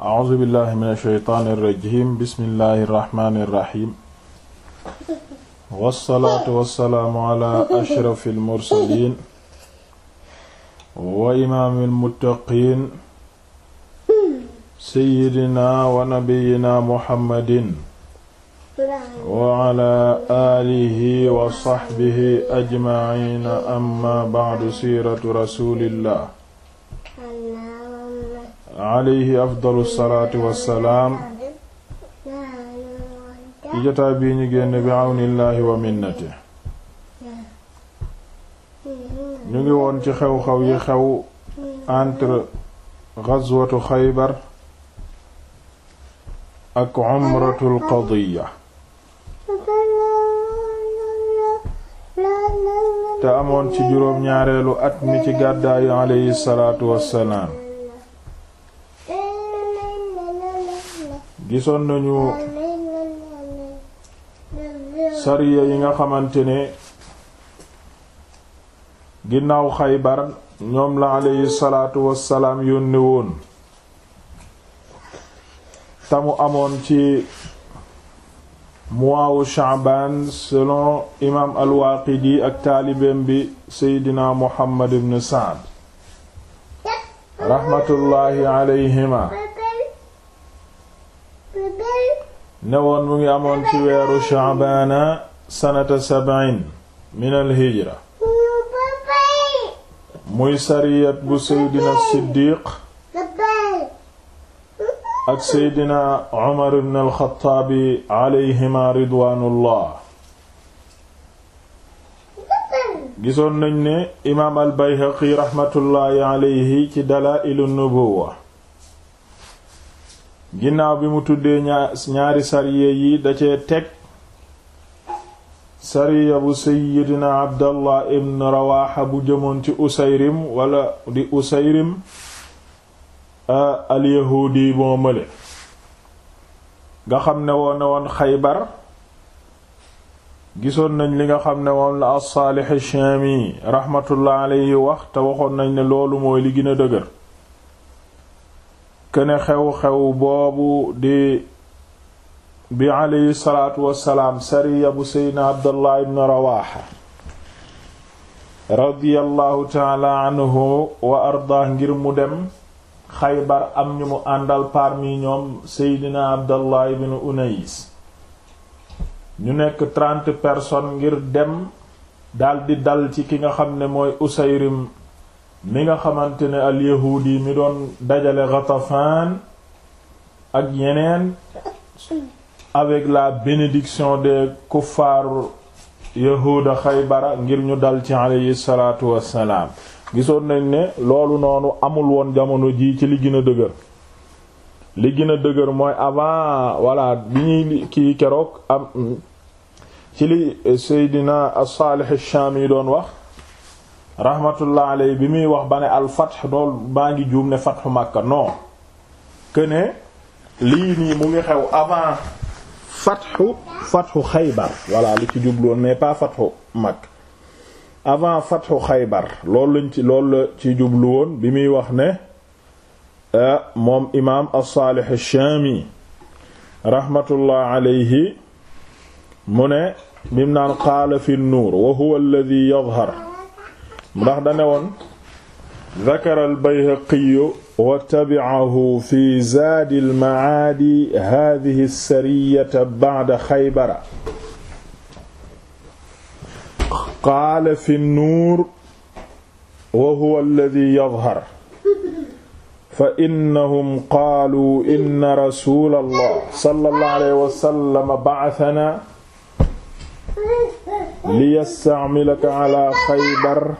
a'uuzu billahi min ashaytaani irrajim bismillahi irrahmaani irrahim wassalaatu wassalaamu ala ashrafi almursalin wa imaami almuttaqiin seyidina wa nabiyina muhammadin wa ala aalihi wa saxbihi ajmaciina amma bacdu siiratu rasulillah alayhi afdalu salaati wassalaam ci jotaay bii ñu génn bi àwnillaahi wa minnati ñu ngi woon ci xew-xew yi xew entre gazwatu xaybar ak umratul qadiya te amoon ci juróom ñaareelu at mi ci gàddaayu alayhi salaatu wassalaam gisoon nañu sariya yi nga xamante ne ginnaaw xaybar ñoom la aleyhi salaatu wassalaam yónni woon tamu amoon ci mois wu Sha'ban selon imaam al-Waaqidi ak taalibeem bi seydina Muhammad ibn Sa'd rahmatullaahi aleyhima newoon mu ngi amoon ci weeru shaabaana sanata sab'in min alhijra muy sariyat bu seydina siddiq ak seydina umar ibn alxataabi alayhima ridwaanullah gisoon nañ ne imaam albayhaqi raxmatullaahi alayhi ci dalaa'ilu nubuwa ginnaaw bi mu tuddee ñaari sariya yi da cee teg sariya bu seyyidina abdallah ibn rawaxa bu jëmoon ci usayrim walla di usayrim alyahuudi boo mële nga xam ne woon ne woon xaybar gisoon nañ li nga xam ne woon la as-saalix ash-shaami raxmatullah alayhi wax te waxoon nañ ne loolu mooy li gën a dëgër këne xew-xew boobu di bi aleyhi salaatu wassalaam sariya bu seydna abdullah ibn rawaxa radiyallahu taala anhu wa arda ngir mu dem xaybar am ñu mu àndal parmi ñoom seydna abdullah ibn unais ñu nekk trente personnes ngir dem daldi dal ci ki nga xam ne mooy usayrim mi nga xamante ne al yahudi mi doon dajale Ghatafan ak yeneen avec la bénédiction des kuffar yahuda Xaybara ngir ñu dal ci aleyhi salaatu wassalaam gisoon nañ ne loolu noonu amul woon jamono jii ci li gën a dëgër li gën a dëgër mooy avant voilà bi ñuy kii keroog am ci li Seydina as-Salih ash-Shami doon wax rahmatullah alayhi bi muy wax ba ne al fath dool baa ngi juum ne fathu Makka non que ne lii nii mu ngi xew avant fathu fathu Xaybar voilà li ci jubloon mais pas fathu Xaybar loolu lañ ci loolu ci jublu woon bi muy wax ne euh, moom imaam as-Salih ash-Shami rahmatullah alayhi mu ne bim naan qaala fi an-nuur wa huwa alladhi yadhhar ndax dane woon dakara albayhaqiyu wa tabicahu fi zaadi almacaadi hadihi sariyata bacda xaybara qaala fi nnuur wa huwa alladi yadhar fa innahum qaalu inna rasula allah sallallahu alayhi wa sallam bacatana liyastacmilaka calaa xaybar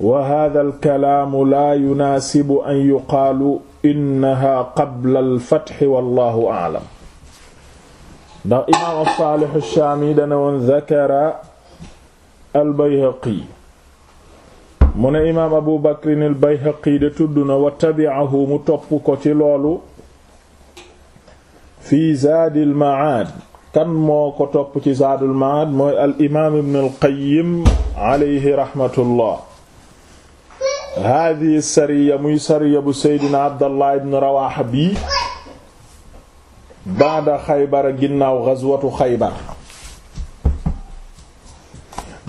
wa hada alkalaamu laa yunaasibu an yuqaalu innaha qabla alfatxi wallahu aalam ndax imaam asaalix ashaami dana woon zakara albayhaqi mu ne imaam abu bakrin albayhaqi de tudd na wa tabicahu mu topp ko ci loolu fi zaadil macaad kan moo ko topp ci zaadul macaad mooy al imaam ibn alqayim alayhi raxmatullah hadihi sariya muy sariya bu seydina abdallah ibn rawaxa bii baada xaybar ginnaaw gazwatu xaybar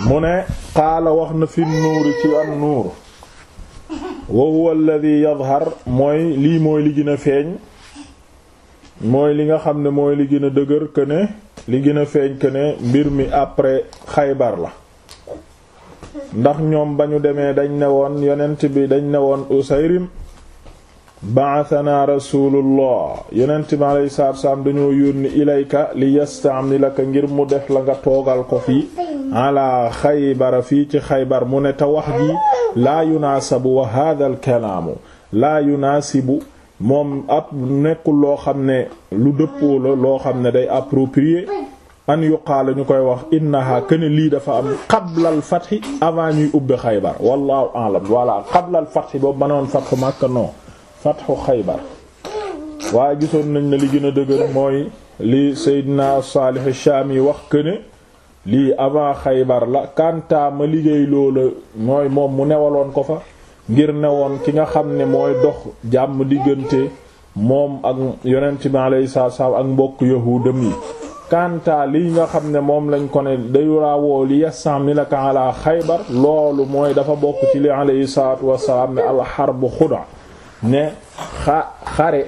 mu ne qaala wax na fi nuuri ci an nuur wa huwa alladi yadhar mooy lii mooy li gën a mooy li nga xam ne mooy li gën a dëgër que ne li gën a feeñ que ne mbir mi après xaybar la ndax ñoom ba ñu demee dañ ne woon yonent bi dañ ne woon Usayrim ba'athana rasulullah yonent bi alayhi salaatu salaam dañoo yónni ilayka li yastamilaka ngir mu def la nga toogal ko fi ala xaybara fii ci xaybar mu ne te wax ji laa yunaasabu wa hadha al kalaamu laa yunaasibu moom ab nekkul loo xam ne lu dëppoo la loo xam ne day approprié an yuqaala ñu koy wax innaha këne lii dafa am qablal fathi avant ñuy ubbi xaybar wallahu alam voilà qablal fathi boobu manoon fathu Makka non fathu xaybar waaye gisoon nañ na li gën a dëgër mooy lii li Seydina Saalih Shaami wax këne lii avant xaybar la kanta ma liggéey loola mooy moom mu newaloon ko fa ngir newoon ki nga xam ne mooy dox jàmm diggante moom ak yonent bi alayhi salaam ak mbokk yahuudam yi kanta li nga xam ne moom lañ ko ne dayuraawoo li yastamilaka ala xaybar loolu mooy dafa bokk ci li alayhi salaatu wasalaam ne alxarbu xuda ne xa xare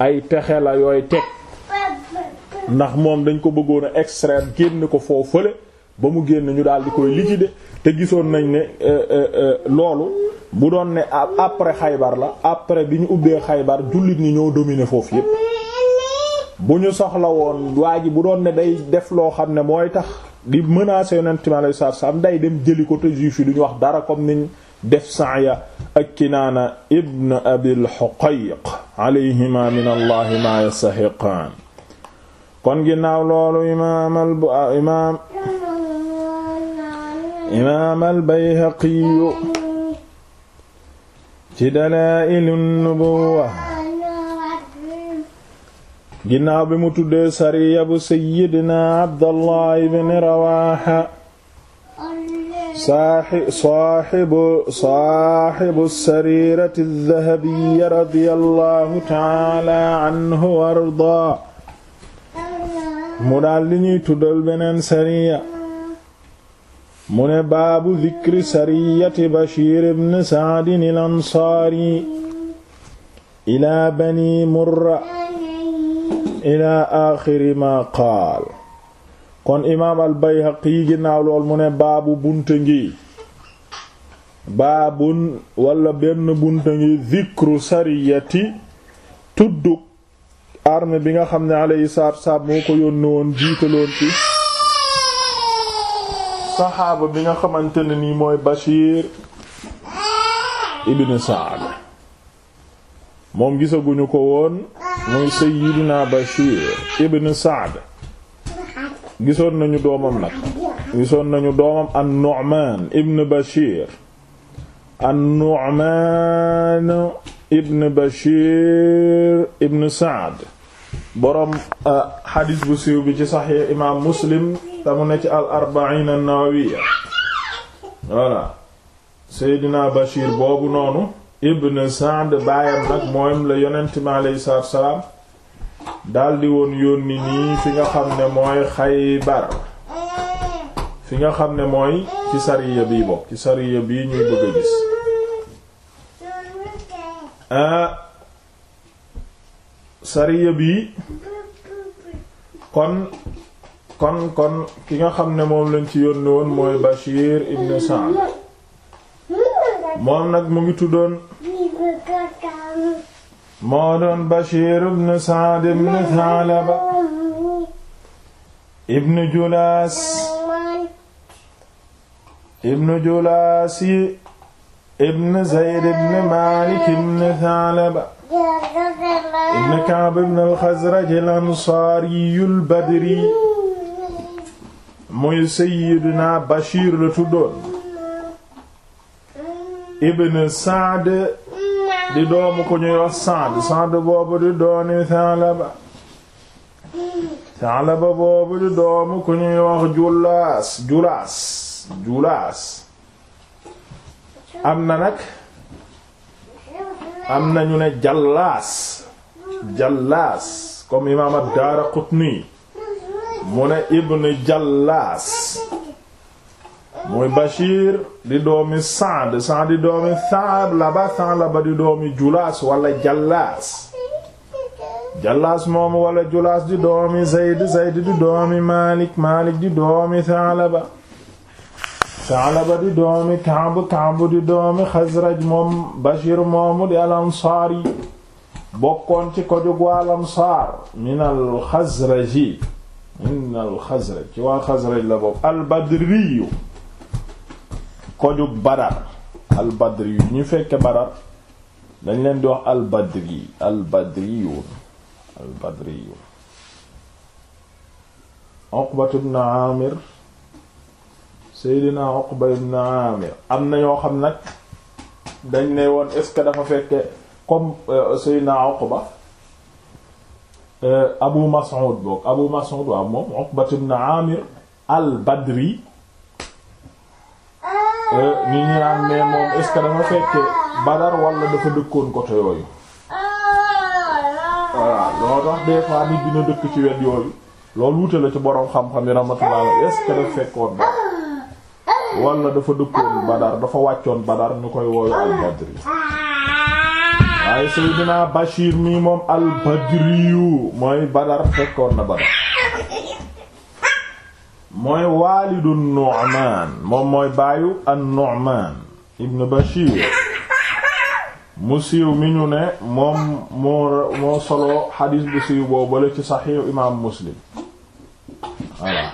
ay texe la yooy teg ndax moom dañ ko bëggoon a extraire génn ko foofu fële ba mu génn ñu daal di koy de te gisoon nañ ne euh, euh, euh, loolu bu doon ne après xaybar la après bi ñu ubbee xaybar jullit ñi ñoo dominer foofu yépp bu ñu soxla woon waa ji bu doon ne day def loo xam ne mooy tax di menacer yonent mi alayhi salaam day dem jëli ko te juif yi duñu wax dara comme niñ def Sa'ya ak Kinaana ibn Abil Huqayq alayhima min Allah ma yastahiqaan kon ginnaaw loolu imaam al ah, ci Dalaa'ilun Nubuwwa ginnaaw bi mu tuddee sariya bu sayyidina Abdallah ibn Rawaha saaxibu saaxibu sarirati dahabiyya radiyallahu taala anhu wa ardaa mu daal li ñuy tuddal beneen sariya mu ne baabu dikri sariyati Bashir ibn Sa'din al-Ansaari ila bani Murra ilaa aaxiri ma qaal kon imaam al bayhaqi yi ginnaaw lool mu ne baabu bunta ngi baabun wala benn bunta ngi dhikru sariyati tudduk arme bi nga xam ne alayhi salaatu wassalaam moo ko yónnee woon jiitaloon ci saxaaba bi nga xamante ne nii mooy Bashir ibn Sa'd moom gisaguñu ko woon muy Seyyidina Bashir ibn Saad gisoon nañu doomam nag gisoon nañu doomam an-Nu'man ibn Bashir an-Nu'man ibn Bashir ibn Saad boroom euh, xadiis bu siiw bi ci saxiix imaam Muslim te mu ne ci al-Arba'iin an-Nawawiyya voilà Seydina Bashir boobu noonu ibn Sa'd baayam nag moom la yonent mi aleyhi sa salaam daldi woon yónni nii fi nga xam ne mooy xay Xaybar fi nga xam ne mooy ci sariya bii bokk ci sariya bii ñuy bëgg gis ah, sariya bii kon kon kon ki nga xam ne moom lañ ci yónni woon mooy Bashir ibn Sa'd moom nag mu ngi tuddoon moo doon Bashir ibn Sa'd ibn Tha'laba ibn Julaas ibn Julaas yi ibn Zayd Tha'laba ibn Ka'b ibn al-Khazraj al-Ansaari al-Badri muy Sayyidina Bashir la tuddoon ibn Saad di doomu ko ñuy wax Saad Saad boobu di doomi Thalaba Thalaba boobu di doomu ko ñuy wax Julaas Julaas Julaas am na nag am na ñu ne Jallaas Jallaas comme imaam ad-Daaraqutni mu ne ibn Jallaas muy Bachir di doomi Saad Saad di doomi Sa'laba Sa'laba di doomi Julaas wala Jallaas Jallaas moom wala Julaas di doomi Zayd Zayd di doomi Malik Malik di doomi Sa'laba Sa'laba di doomi Ka'b Ka'b di doomi Xasraj moom Bachir moomu di al-Ansaari bokkoon ci kojug waa Ansaar min al-Xasraji min al-Xasraj ci waa Xasraj la bokk al-Badriyu koju badar al badri ñu fekke badar dañ leen di wax al badri al badriyun al badriyun Uqbat ibn am na ñoo xam nag dañ ne woon est-ce que dafa fekke comme euh, Seydina Uqba euh, Abu Mas'ud boog Abu Mas'ud waaw moom Uqbat ibn Amir al badri Eh, ñi ñu naan mais moom est-ce que dafa fekke Badar wala dafa dëkkoon côté yooyu voilà tax des fois dëkk ci wet yooyu loolu wuute la ci boroom xam-xam yi rahmatullah est-ce que dafa fekkoon ba wala dafa dëkkoon Badar dafa wàccoon Badar ñu koy wooyu al-Badri waaye Seydina Bachir mi moom al-Badriyu mooy Badar fekkoon na Badar mooy waalidu Nu'man moom mooy baayu an-Nu'man ibn Bashir mu siiw mi ñu ne moom moo moo solo xadiis bu siiw boobale ci saxiix imaam Muslim voilà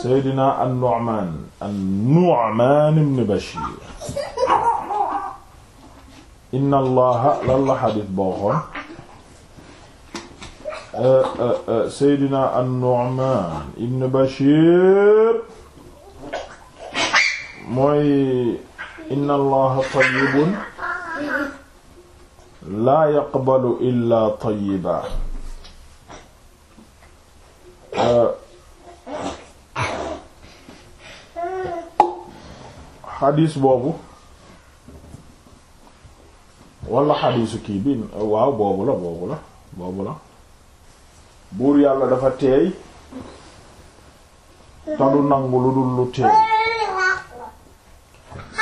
Seydina an-Nu'man ibn Bashir inna allaha lan xadiis boo Euh, euh, euh, Seydina an-Nu'man ibn Bashir mooy inna allaha tayyibun laa yaqbalu illa tayyiba xadiis boobu wala xadiisu kii bi waaw boobu la boobu la boobu la buur yàlla dafa teey te du nangu lu dul lu teey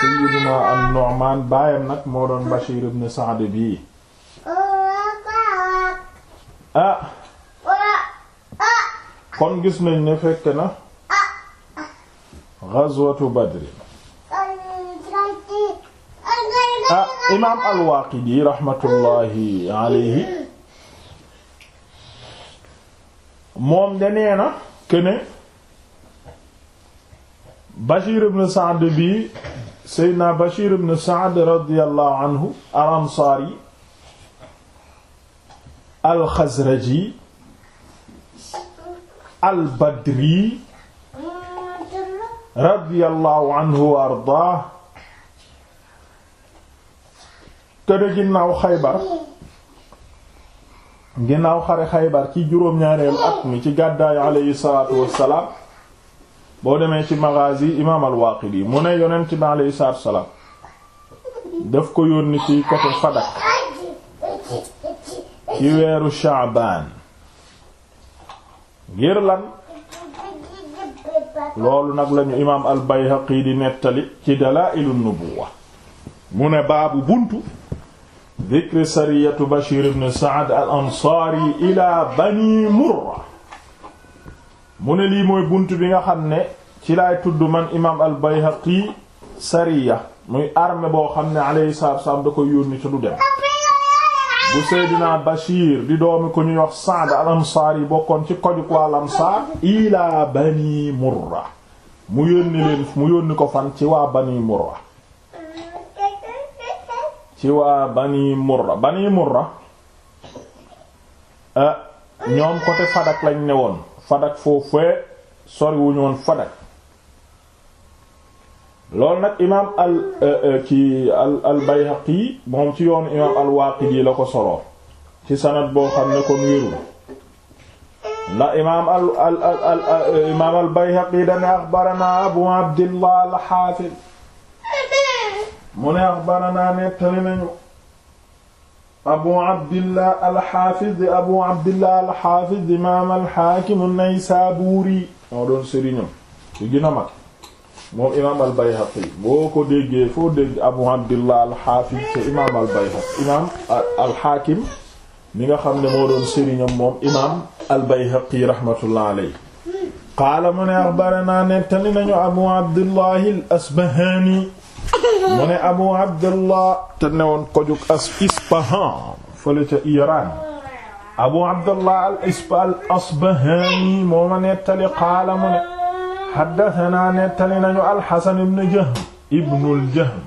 sayyidina an-Nu'man baayam nag moo doon Bashir ibn Sa'd bii ah kon gis nañ ne fekk na ghazwatu Badr ah imaam al-Waaqidi raxmatullaahi alayhi moom de nee na këne Bashir ibn Sa'd bi Seydina Bashir ibn Sa'd radiyallahu anhu al-Ansaari al-Xazraji al-Badri radiyallahu anhu wa ardaah këne ginnaaw Xaybar ginnaaw xare xaybar ci juróom-ñaareelu at mi ci gàddaayu aleyhi salaatu wassalaam boo demee ci maghazi imaam al-Waaqidi mu ne yonent bi aleyhi salaatu wassalaam daf ko yónni ci fa Fadak ci weeru Sha'baan ngir lan loolu nag lañu imaam al-Bayhaqi di nettali ci Dalaa'ilun Nubuwwa mu ne baabu buntu dikri sariyatu Bashir ibn Saad al ansaari ila bani Murra mu ne lii mooy bunt bi nga xam ne ci laay tudd man imaam al Bayhaqi sariya muy armée boo xam ne alayhi salaatu wa da koy yónni te du dem bu Seydina Bashir di doomi ko ñuy wax Saad al ansaari bokkoon ci kojuk waa al ansaar bani Murra mu yónni leen mu yónni ko fan ci waa bani Murra ci waa bani murra bani murra ah, ñoom côté fadak lañ ne woon fadak foofee sori wuñu woon fadak loolu nag imaam al eh, eh, ci al al bayhaqi moom ci yoonu imaam al waaqidi la ko soloo ci sanad boo xam ne kon wérul la imaam al al al imaam al bayhaqi dana axbarana abu abdillah al xaafid mu ne axbaranaa nettali nañu abu abdillah alxaafiz abu imaam alxaakim an-Naysaabuuri moo doon sëriñam ci gën moom imaam al boo ko déggee foo dégg abu abdillah alxaafiz te imaam al-Bayhaqi nga xam ne moo doon sëriñam moom imaam al-Bayhaqi alayhi qaala mu ne nettali nañu abu abdillah al mu ne abu abdullah te newoon kojug as ispahan fële ca iran abu abdullah al ispa al asbahani moo ma nettali qaala mu ne xaddatanaa nettali nañu alxasan ibn jahm ibnul jahm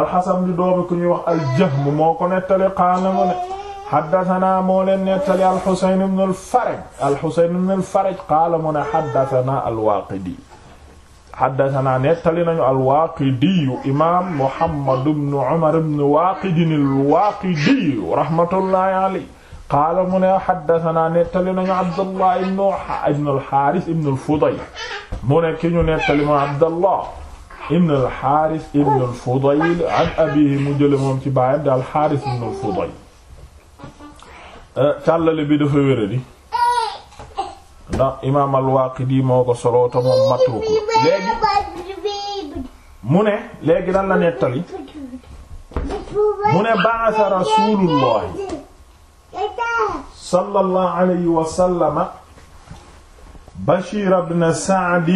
alxasan di doomi ku ñuy wax aljahm moo ko nettali qaala mu ne xaddatanaa moo leen nettali alxusayn ibn al faraj alxusayn ibn al faraj qaala mu ne xaddatanaa alwaaqidi xaddasanaa nettali nañu alwaaqidiyu imaam Muhammad ibn Umar ibn Waaqid alwaaqidiyu rahmatullahi alayhi qaala mu ne xaddasanaa nettali nañu Abdallah ibn alxaaris ibn alfudayl mu ne ki ñu nettali moom Abdallah ibn alxaaris ibn alfudayl an abiihi mu jële moom ci baayam di alxaaris ibn alfudayl eh, càllale bi dafa wéradi ndax imaam al-Waaqidi moo ko soloo te moom matruk léegi mu ne léegi lan la nettali mu ne ba'atha rasuulullahi sallallahu alayhi wa sallama Bashiir ibn Sa'd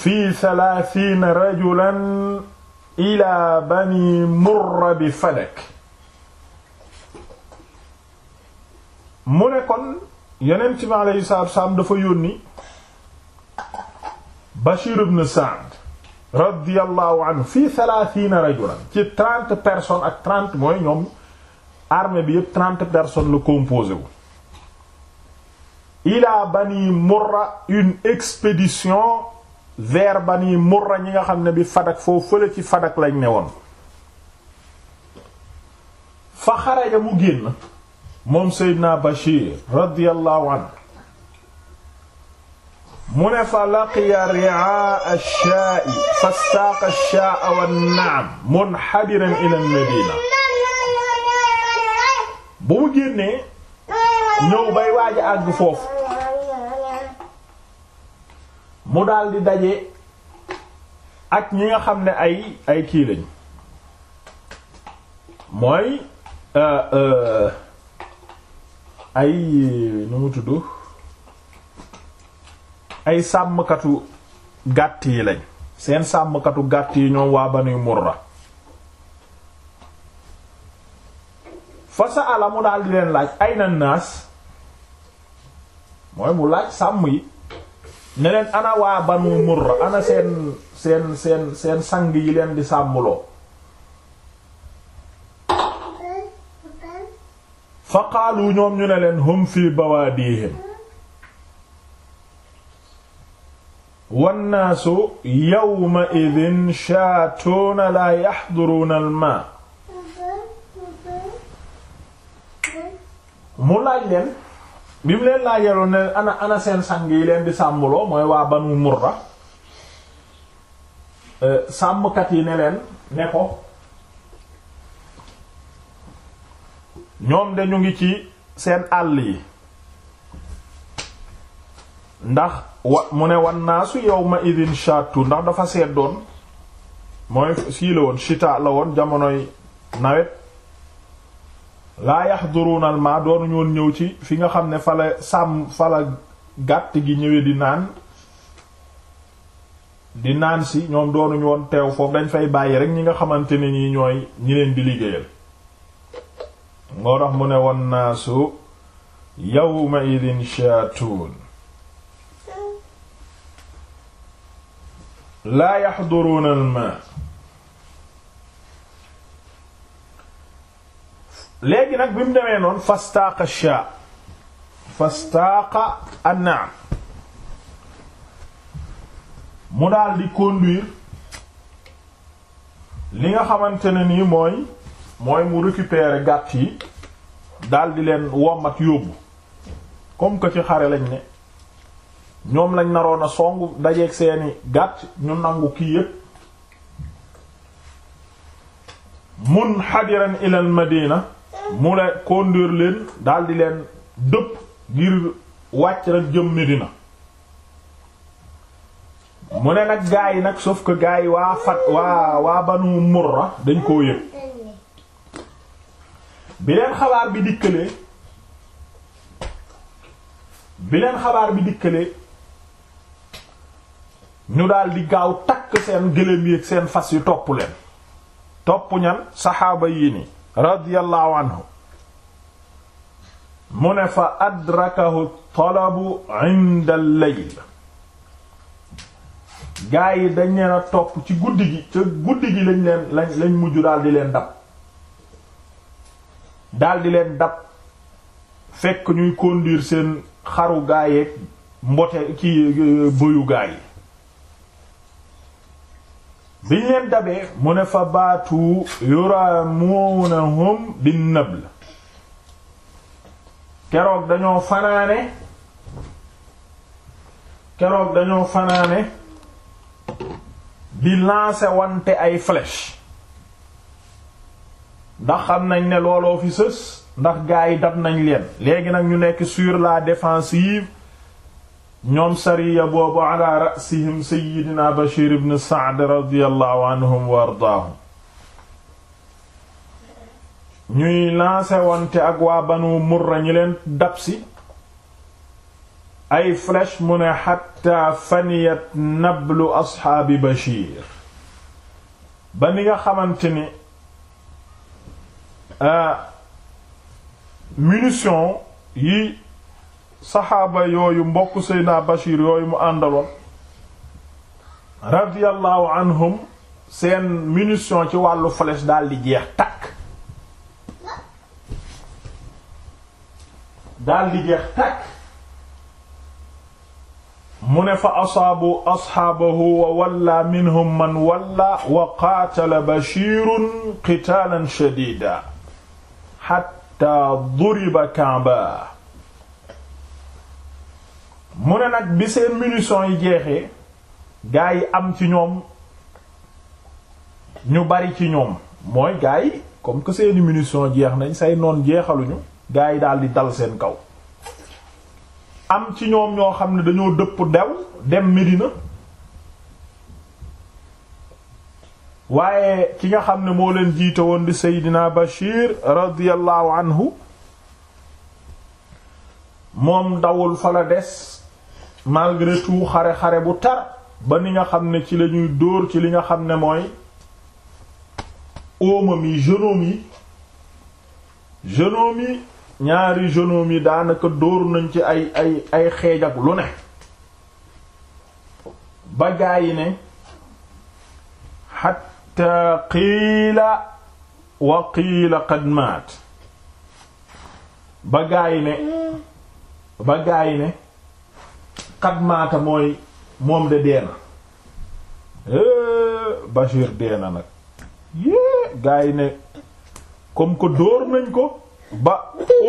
fi thalaathiina rajulan ilaa bani Murra bi Fadak mu ne kon yonent bi aleyhi salaatu dafa yónni Bashir ibn Sa'd radiyallahu anhu fii thalaathiina rajulan ci trente personnes ak trente mooy ñoom armée bi yëpp trente personnes la composé wu ila Bani Murra une expédition vers Bani Murra ñi nga xam ne bi Fadak foofu fële ci Fadak lañ ne woon fa xaraja mu génn moom Seydina Bachir radiyallahu anhu mu ne fa laqiya ri'aa ash-shaa'i fastaaqa ash-shaa'a wan-na'am munhadiran ila al-madiina bu mu génnee ñëw bay waaj a àgg foofu mu daldi daje ak ñi nga xam ne ay ay kii lañ mooy. Euh, euh, ay nu mu tudd ay sàmmkatu gàtt yi lañ seen sàmmkatu gàtt yi ñoom waa Banu Murra fa sa ala daal di leen laaj ay na naas mooy mu laaj sàmm yi ne leen ana waa Banu Murra ana seen seen seen seen sang yi leen di sàmmuloo fa qaalu ñoom ñu ne leen hum fi bawaadihim wannaasu yawma idin shaatuuna laa yaxduruuna almaa mu laaj leen bi mu leen laajaloon ne ana seen sang leen di sàmmuloo mooy waa banu murra euh, sàmmkat yi ne leen ne ko ñoom de ñu ngi ci seen àll yi ndax wa mu ne wan naasu yawma idin shatu ndax dafa seddoon mooy sii la woon chita la woon jamonoy nawet laa yahduruna al ma doonu ñoon ñëw ci fi nga xam ne fala sàmm fala gàtt gi ñëwee di naan di naan si ñoom doonuñu woon teew foofu dañ fay bàyyi rek ñi nga xamante ne ñi ñooy ñi leen di liggéeyal moo mu ne wan naasu yawma idin shaatun laa yaxduruuna al léegi nag bi mu demee noonu fastaaqa shaa fastaaqa an'am mu daal di conduire li nga xamante ne nii mooy mooy mu récupérer gàtt yi daldi leen wommat yóbbu comme que ci xare lañ ne ñoom lañ naroon a song dajeeg seeni gàtt ñu nangu kii yépp munhadiran ila al madina mu la conduire leen daal leen dëpp ngir wàcc rek jëm mu ne nag gaa yi nag sauf que gaa waa fat waa waa banu murra dañ koo yëg bi leen xabaar bi dikkalee bi ñu daldi gaaw takk seen gëléem yi ak seen fas yu topp leen topp ñan saxaaba yi ni radiyallahu anhu mu ne fa adrakahu talabu inda al gaa yi dañ leen a topp ci guddi gi ca guddi gi lañ leen lañ lañ mujj daal leen dab daldi leen dab fekk ñuy conduire seen xaru gaayeeg mbote ci euh, bëyu gaay yi biñ leen dabee mu ne fa baatu yuramunahum bin nabl keroog dañoo fanaane keroog dañoo fanaane di lancer wante ay flèche ndax nañ ne looloo fi sës ndax gaa yi dab nañ leen léegi nag ñu nekk sur la défensive ñoom sariya boobu ala rasihim sayidina bashir ibn saad radiallahu anhum wa ardaahum ñuy lancé wante ak waa banu murra ñi leen dabsi ay flèche mu ne xatta faniyat nablu asxaabi bashir ba ni nga xamante ni Euh, munition yi saxaaba yooyu mbokk Seydina Bachir yooyu mu àndaloon radiyallahu anhum seen munition ci wàllu flèche daal di jeex takk mu ne fa asaabu asxaabahu wa walla minhum man walla wa qaatala Bachirun qitaalan shadiida xatta duriba Kaaba mu ne nag bi seen munitions yi jeexee gaa yi am ci ñoom ñu bari ci ñoom mooy gaa yi comme que seeni munitions jeex nañ say noon jeexaluñu gaa yi daal di dal seen kaw am ci ñoom ñoo xam ne dañoo dëpp dew dem Medina waaye ki nga xam ne moo leen jiite woon di Seydina Bachir radiyallahu anhu moom dawul fa la des malgré tout xare-xare bu tar ba ni nga xam ne ci la dóor ci li nga xam ne mooy óomam yi genoom yi genoom yi ñaari genoom yi daanaka dóor nañ ci ay ay ay xeej ak lu ne ba gaa yi ne xat xatta qiila wa qiila qad maat ba gaay ne ba gaay ne qad maata mooy moom de deena eh, Bashir deena nag yée gaay ne comme que dóor nañ ko ba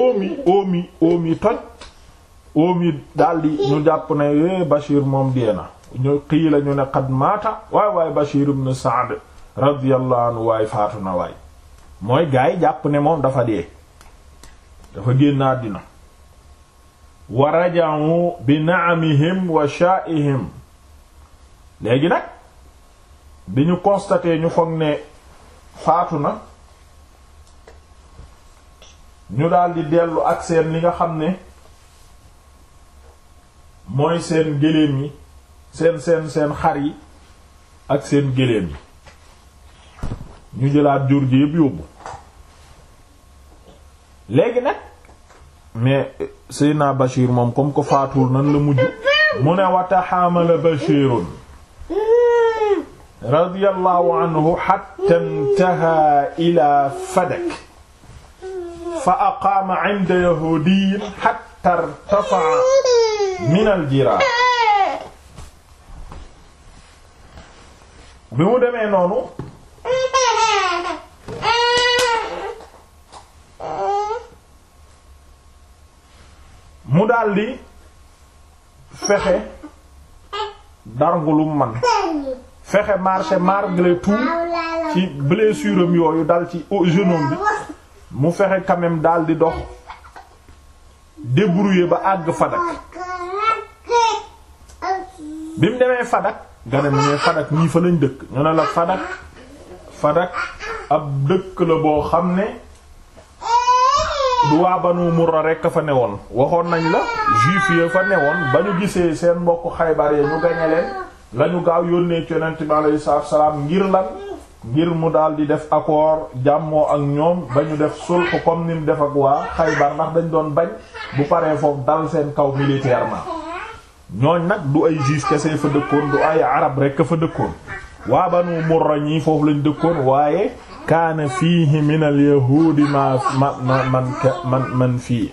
óomi óomi óomi toj óomi daldi ñu jàpp ne yée eh, Bashir moom deena ñu qiila ñu ne qad maata waay waay Bashir ibn Sa'd radiyallahu anhu waay faatu na waay mooy gaa yi jàpp ne moom dafa dee dafa génn àddina wa raja'u bi na'amihim wa sha'ihim léegi nag bi ñu constaté ñu foog ne faatu na ñu daldi dellu ak seen li nga xam ne mooy seen géléem yi seen seen seen xar yi ak seen géléem yi ñu jëlaat jur gi yëpp yóbbu léegi nag mais Seydina moom comme ko faatuwul nan la mujj mu ne wa taxaamala Bachirun radiyallahu anhu hatta intaha ila Fadak fa aqaama inda yahudiyin hatta irtafa'a min al-jiraan bi mu demee noonu daldi fexe dargu man fexe marché malgré tout ci blessure yooyu dal ci genou bi mu fexe quand daldi dox débrouiller ba àgg Fadak bi demee Fadak nga ne mais ñii fa lañ dëkk ñu ne la Fadak Fadak ab dëkk la boo xam ne. du waa banu murra rek a fa newoon waxoon nañu la juif ya fa newoon ba ñu gisee seen mbokk xaybar ya ñu gañe leen lañu gaaw yónnee ci yonent bi salaam ngir lan ngir mu daal di def accord jàmmoo ak ñoom ba ñu def sulh comme ni mu def ak waa xaybar ndax dañ doon bañ bu paree foofu dal seen kaw militairement ñooñ nag du ay juif kese fa dëkkoon du ay arab rek a fa dëkkoon waa banu murra ñii foofu lañ dëkkoon waaye kaana fiihi min alyahuudi ma man man man fii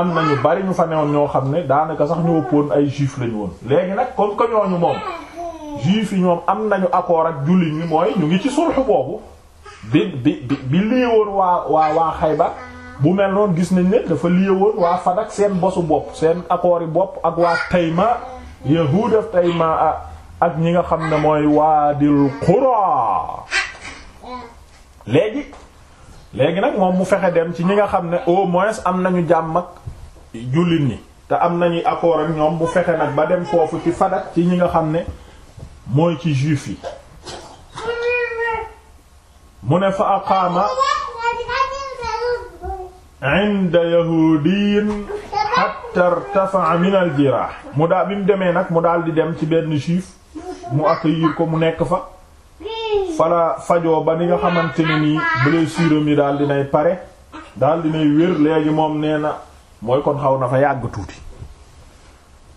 am nañu bari ñu fa newoon ñoo xam ne daanaka sax ñu ëppoon ay juif lañu woon léegi nag comme que ñooñu moom juif yi ñoom am nañu accord ak jullit ñi mooy ñu ngi ci sulx boobu bi bi bi bi liewoon waa waa waa Xaybar bu mel noonu gis nañ ni dafa liewoon waa Fadak seen bosu bopp seen accord bopp ak waa Tayma yahuud af Tayma ak ñi nga xam ne mooy Waadil Quraa léegi léegi nag moom mu fexe dem ci ñi nga xam ne au moins am nañu jàmm ak jullit ñi te am nañuy accord ñoom mu fexe nag ba dem foofu ci fadak ci ñi nga xam ne mooy ci juif yi mu ne fa aqaama inda yahudiin hatta irtafa'a min al jirah mu daal bi mu demee nag mu daal di dem ci benn juif mu accueillir ko mu nekk fa fala fajoo ba ni nga xamante ne nii blessure mi daal dinay pare daal dinay wér léegi moom nee na mooy kon xaw na fa yàgg tuuti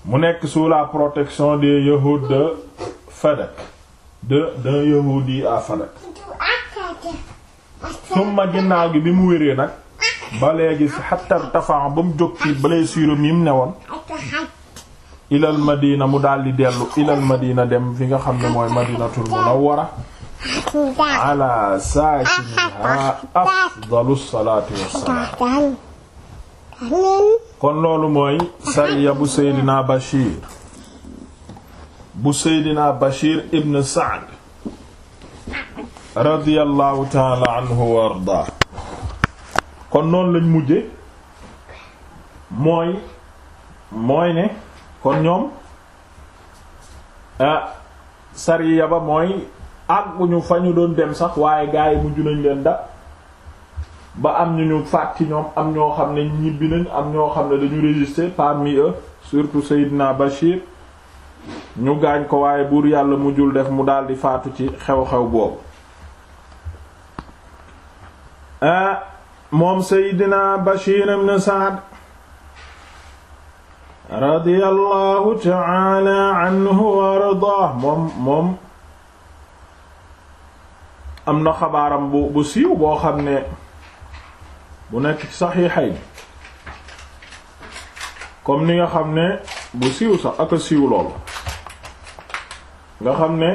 mu nekk sous la protection des yahuds de Fadak de d'un yahudi à Fadak summa ginnaaw bi mu wéree nag ba léegi xattar tafan ba mu jóg ci blessure yi mu newoon ilal madina mu di dellu ilal madina dem fi nga xam ne mooy madinatul munawwara ala saakinihaa afdalu salaatu wassalaam kon loolu mooy sariya bu Seydina Bachir bu Seydina Bachir ibn Saad radiyallahu taala anhu wa ardaa kon noonu lañ mujje mooy mooy ne kon ñoom ah sariya ba mooy àgguñu fa ñu doon dem sax waaye gaa yi mujj nañ leen da ba am ñu ñu faat ci ñoom am ñoo xam ne ñibbi nañ am ñoo xam ne dañu résister parmi eux surtout Seydina Bachir ñu gaañ ko waaye buur yàlla mujjul def mu daldi faatu ci xew-xew boobu ah, moom Seydina Bachir ibn Saad radiyallahu ta'ala anhu wa moom moom am na xabaaram bu siiw boo xam ne bu nekk ci saxiixay comme ni nga xam ne bu siiw sax ak a siiw loolu nga xam ne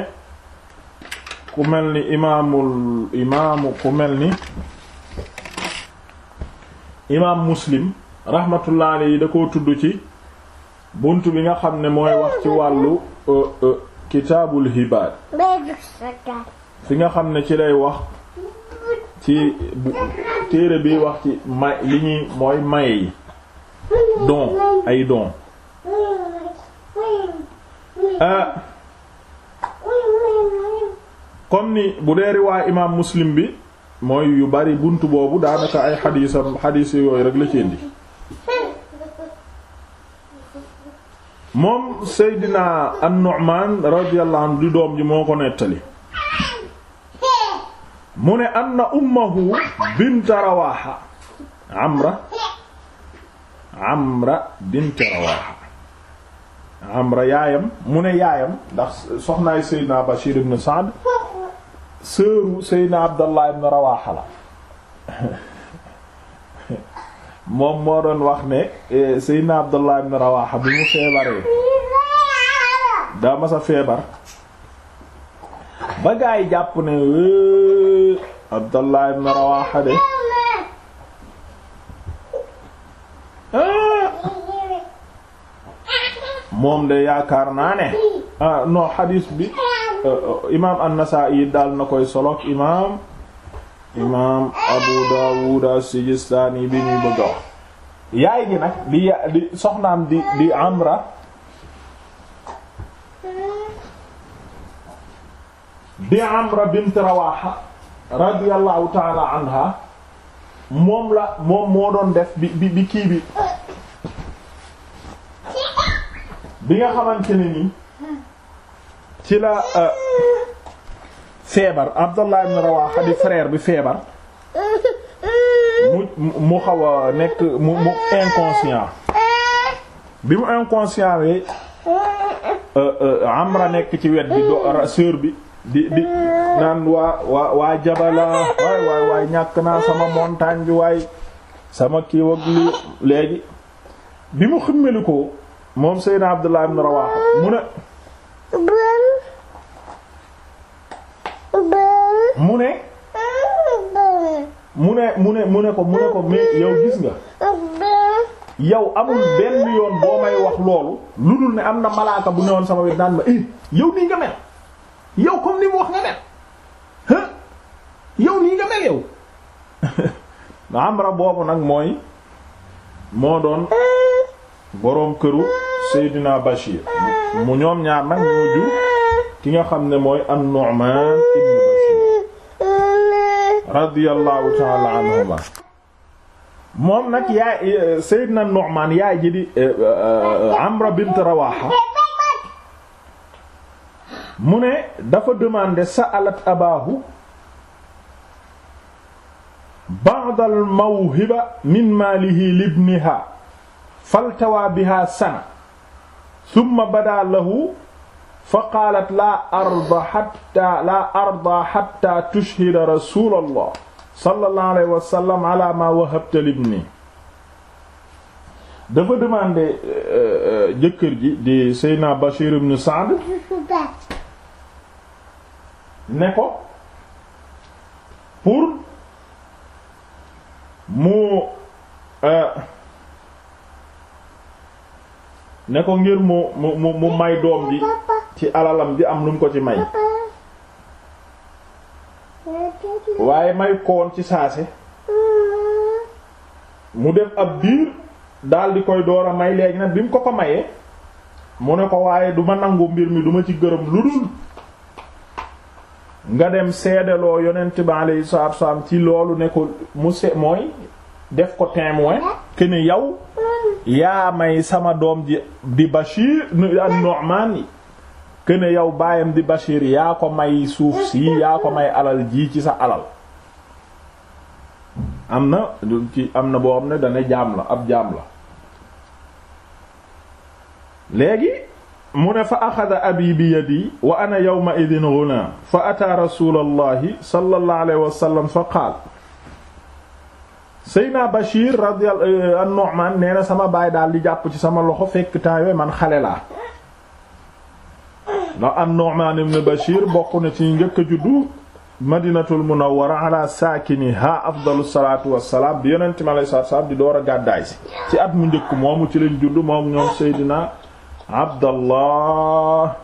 ku mel ni imaamul imaamu ku mel ni imaam muslim rahmatullah alayhi da koo tudd ci bunt bi nga xam ne mooy wax ci wàllu euh, euh, kitaabul hibaad fi nga xam ne ci lay wax ci téere bi wax ci may li ñuy mooy maye don ay don kon ah, ni bu dee riwaay imaam muslim bi mooy yu bari bunt boobu daanaka ay xadiisam xadiis yooyu rek la ci indi moom Seydina an-Nu'man radiyallahu di doom ji moo ko nettali mu ne anna ummahu bint rawaxa amra amra bint rawaxa amra yaayam mu ne yaayam ndax soxnaay seydna bashir ibn saad sëru seydna abdallah ibn rawaxa la moom moo doon wax ne eh, seydna abdallah ibn rawaxa bi mu feebaree daa feebar ba gaa yi jàpp ne wéé Abdallah ibn Rawaha de ah! moom de yaakaar naa ne ah, non xadiis bi euh, euh, imaam an-Nasaa'i daal na koy solok imaam imaam Abu Daawud as-Sijistaani bi ñuy bëgg yaay gi nag di ya di Amra bi Amra bint Rawaha radiyallahu taala anha moom la moom moo doon def bi bi bi kii bi bi nga xamante ne ni ci la euh, feebar Abdallah ibn Rawaha di frère bi feebar mu mu xaw a nekk mu mu inconscient bi mu inconscient wee euh, euh, Amra nekk ci wet bi do sœur bi di di naan waa waa waa jabala waay waay ñàkk naa sama montagne bi waaye sama kiiw ak léegi bi mu ximmeli ko moom Seydina Abdullah ibn Rawaha mu ne mu ne mu ne mu ne mu ne ko mu ne ko mais yow gis nga yow amul benn yoon boo may wax loolu lu dul ne am na malaaka bu newoon sama wet naan ma eh, yow nii nga mel yow comme ni mu wax nga mel yow nii nga mel yow amra boobu nag mooy moo doon boroom këru Seydina Bachir mu ñoom ñaar nag ñoo jur ki nga xam ne mooy an radiyallahu ta'ala anhuma moom nag yaay Seydina Nu'man yaay ji di eh, eh, eh, Amra bint Rawaha mu ne dafa demandé sa'alat abaahu ba'd al mawhiba min maalihi libniha faltawaa biha sana thumma bada lahu fa qaalat laa arda hatta laa arda hatta tushhida rasulallah sallallahu alayhi wa sallam ala ma wahabta libni dafa demandé eh, eh, jëkkër ji di Seydina Bachir ibn Sa'd ne ko pour mu euh, ne ko ngir mu mu mu may doom ji ci alalam ji am lum ko ci may waaye may koon ci si mu def ab biir daal koy door may léegi nag bi mu ko ko mayee mu ne ko waaye du ma nangu mbir mi duma ci gërëm lu dul nga dem seedeloo yonent bi alayhi salaatu wassalaam ci loolu ne ko mu se mooy def ko témoin que ne yow yaa may sama doom ji di Bashir an-Nu'man que ne yow baayam di Bashir yaa ko may suuf si yaa ko may alal ji ci sa alal am na ci am na boo xam ne dana jaam la ab jaam la léegi mu ne fa axada abi bi yadi wa ana yawma idin ghulaam fa ataa rasulallahi sallallahu alayhi wa fa qaal Seyna Bachir radiyallahu euh, an-Nu'man nee na sama baay daal di jàpp ci sama loxo fekk temps yooyu man xale laa ndax an-Nu'man ibn Bachir bokk na ci njëkk juddu Madinatul Munawwara ala saakinihaa afdalu salaatu wassalaam bi yonent mi salaatu wassalaam di door a si ci at mu njëkk moomu ci lañ juddu moom ñoom Seydina. Abdallah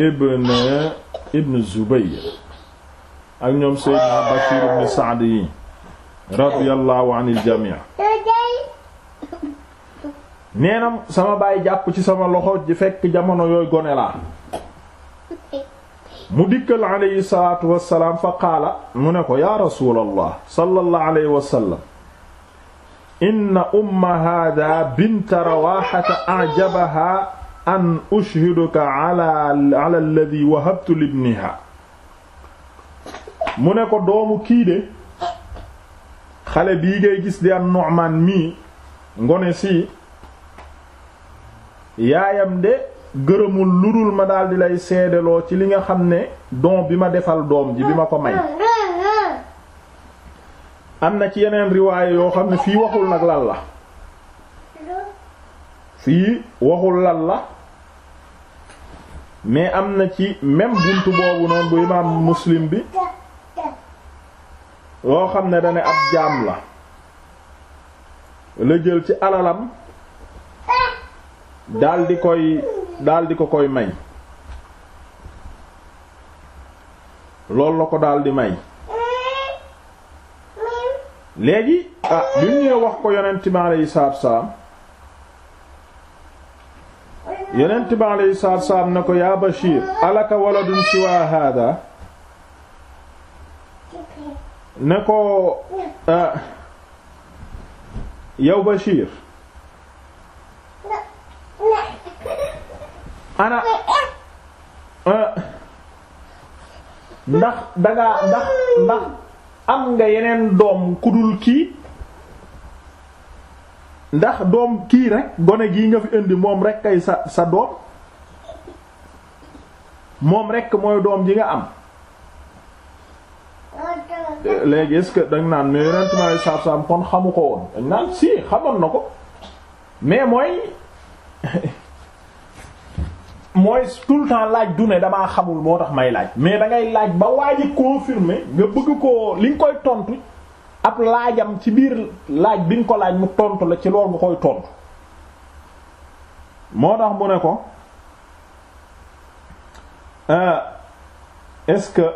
ibn ibn Zubayr ak ñoom Seydina Bashir ibn Sa'd yi radiyallahu anil jamii nee ci sama loxo ji fekk jamono yooyu gone laa mu dikkal alayhi salaatu wassalaam fa qaala mu ne ko yaa rasuulallah sallallahu alayhi wasallam inna umma haadaa binta rawaaxata ajabahaa an ushhiduka ala ala alladhi wahabtu libniha mu ne ko doomu kii de xale bii ngay gis di am Nu'man mii ngone si yaayam de gërëmul ludul ma daldi lay seedeloo ci li nga xam ne don bi ma defal doom ji bi ma ko may am na ci yeneen riwaaya yoo xam ne fii waxul nag lan la fii waxul lan la mais am na ci même buntu boobu noonu bu imaam muslim bi yoo xam ne dane ab jaam la la jël ci alalam daldi koy daldi ko koy may loolu la ko daldi may léegi ah bi mu ñëwee wax ko yonent bi aleyhi salaatu wa salaam yonent bi aleyhi salaatu wa salaam ne ko yaa Bashir alaka waladun siwa hada ne ko ah, yow Bashir ana ah, ndax dangaa ndax ndax am nga yeneen doom ku dul kii ndax doom kii rek gone gii nga fi indi moom rek kay sa sa doom moom rek mooy doom ji nga am léegi est-ce que dañ naan mais yonent mi alei satu kon xamu ko woon dañ naan si xamoon na ko mais mooy mooy tout laaj du ne damaa xamul moo tax may laaj mais da ngay laaj ba waaji confirmer nga bëgg ko li nga koy tontu ab laajam ci biir laaj bi nga ko laaj mu tontu la ci loolu nga koy tontu moo tax mu ne ko euh, est-ce que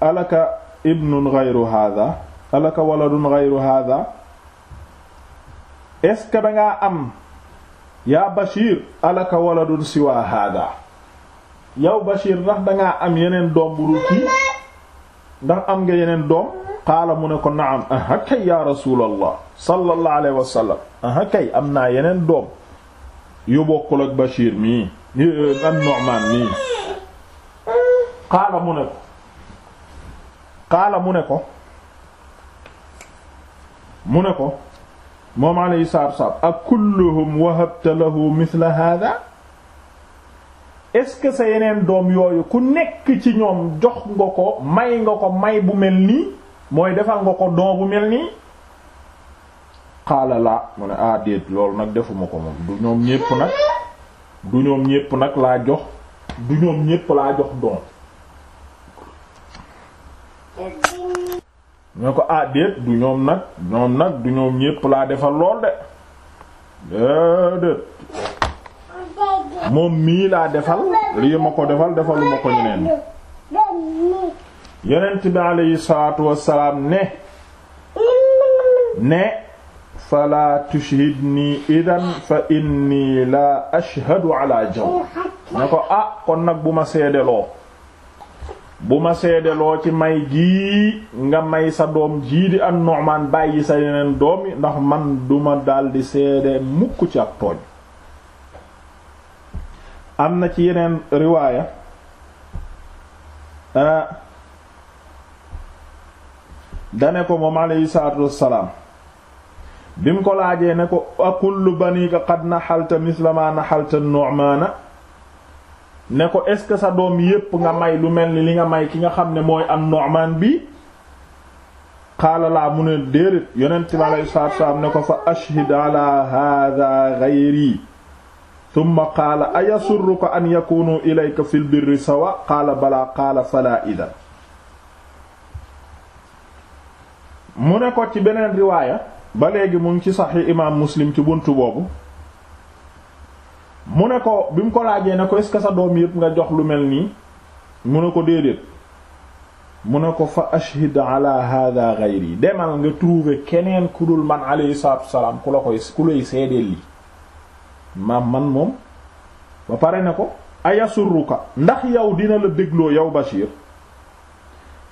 alaka ibnun ghayru hadha alaka waladun ghayru hadha est-ce que dangaa am yaa Bachir alaka waladun siwa hada yow Bachir ndax dangaa am yeneen doom bu dul kii ndax am nga yeneen doom qaala mu ne ko naam aha kay ya rasulallah sallallahu alayhi wa aha kay am naa yeneen doom yu bokkul ak Bachir mii ak Nu'man mii qaala mu ne ko qaala mu ne ko mu ne ko moom alayhi salaatu wa salaam ak kulluhum wahabta lahu mithla hadha est-ce que sa yeneen doom yooyu ku nekk ci ñoom jox nga ko may nga ko may bu mel nii mooy defal nga ko don bu mel nii xaala laa mu ne ah déet loolu nag defuma ko moom du ñoom ñépp nag du ñoom ñépp nag laa jox du ñoom ñépp laa jox doom ne ko ah déet du ñoom nag ñoom nag du ñoom ñépp laa defal lool de déedéet moom mii laa defal lii ma ko defal defalu ma ko ñeneen yonent bi aleyhi salaatu wassalaam ne ne fala tushhidni idan fa inni la ashhadu ala jawr ne ko ah kon nag bu ma loo bu ma seedeloo ci may gii nga may sa doom jii di an Nu'man bàyyi sa yeneen doom yi ndax man duma daldi seede mukk ci ak tooñ am na ci yeneen riwaaya ah. dane ko moom alayhi salaatu wassalaam bi mu ko laajee ne ko akullu banika qad naxalta misla ma naxalta Nu'mana ne ko est-ce que sa doom yépp nga may lu mel ni li nga may ki nga xam ne mooy am Nu'man bi qaala mu ne déedéet yonent bi alayhi salaatu wassalaam ne ko fa ashhid ala hadha ghayri thumma qaala ayasurruka an yakunu ilayka fil birri sawa qaala balaa qaala falaa idhan mu ne ko ci beneen riwaaya ba léegi mu ngi ci saxi imaam Muslim ci bunt boobu mu ne ko bi mu ko laajee ne ko est sa doom yépp nga jox lu mel nii mu ne ko déedéet mu ne ko fa ashhid ala hadha ghayri demal nga trouver keneen ku dul man alayhi salaatu wasalaam ku la ko ku lay seedeel lii maam man moom ba pare ne ko ayasurruka ndax yow dina la dégloo yow Bachir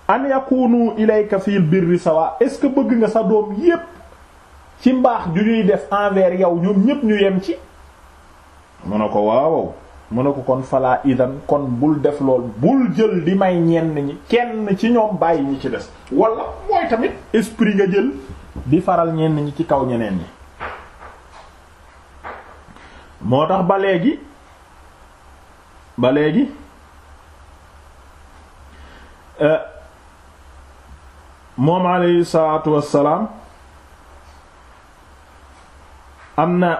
an yakunu ilayka fil birri sawa est-ce que bëgg nga sa doom yépp ci mbaax ju ñuy def envers yow ñoom ñépp ñu yem ci mu ne ko waawow mu ne ko kon falaa idan kon bul def lool bul jël di may ñenn ñi kenn ci ñoom bàyyi ñi ci des wala mooy tamit esprit nga jël di faral ñenn ñi ci kaw ñeneen ñi moo tax ba léegi ba léegi eh, moom alayhi salaatu wassalaam am na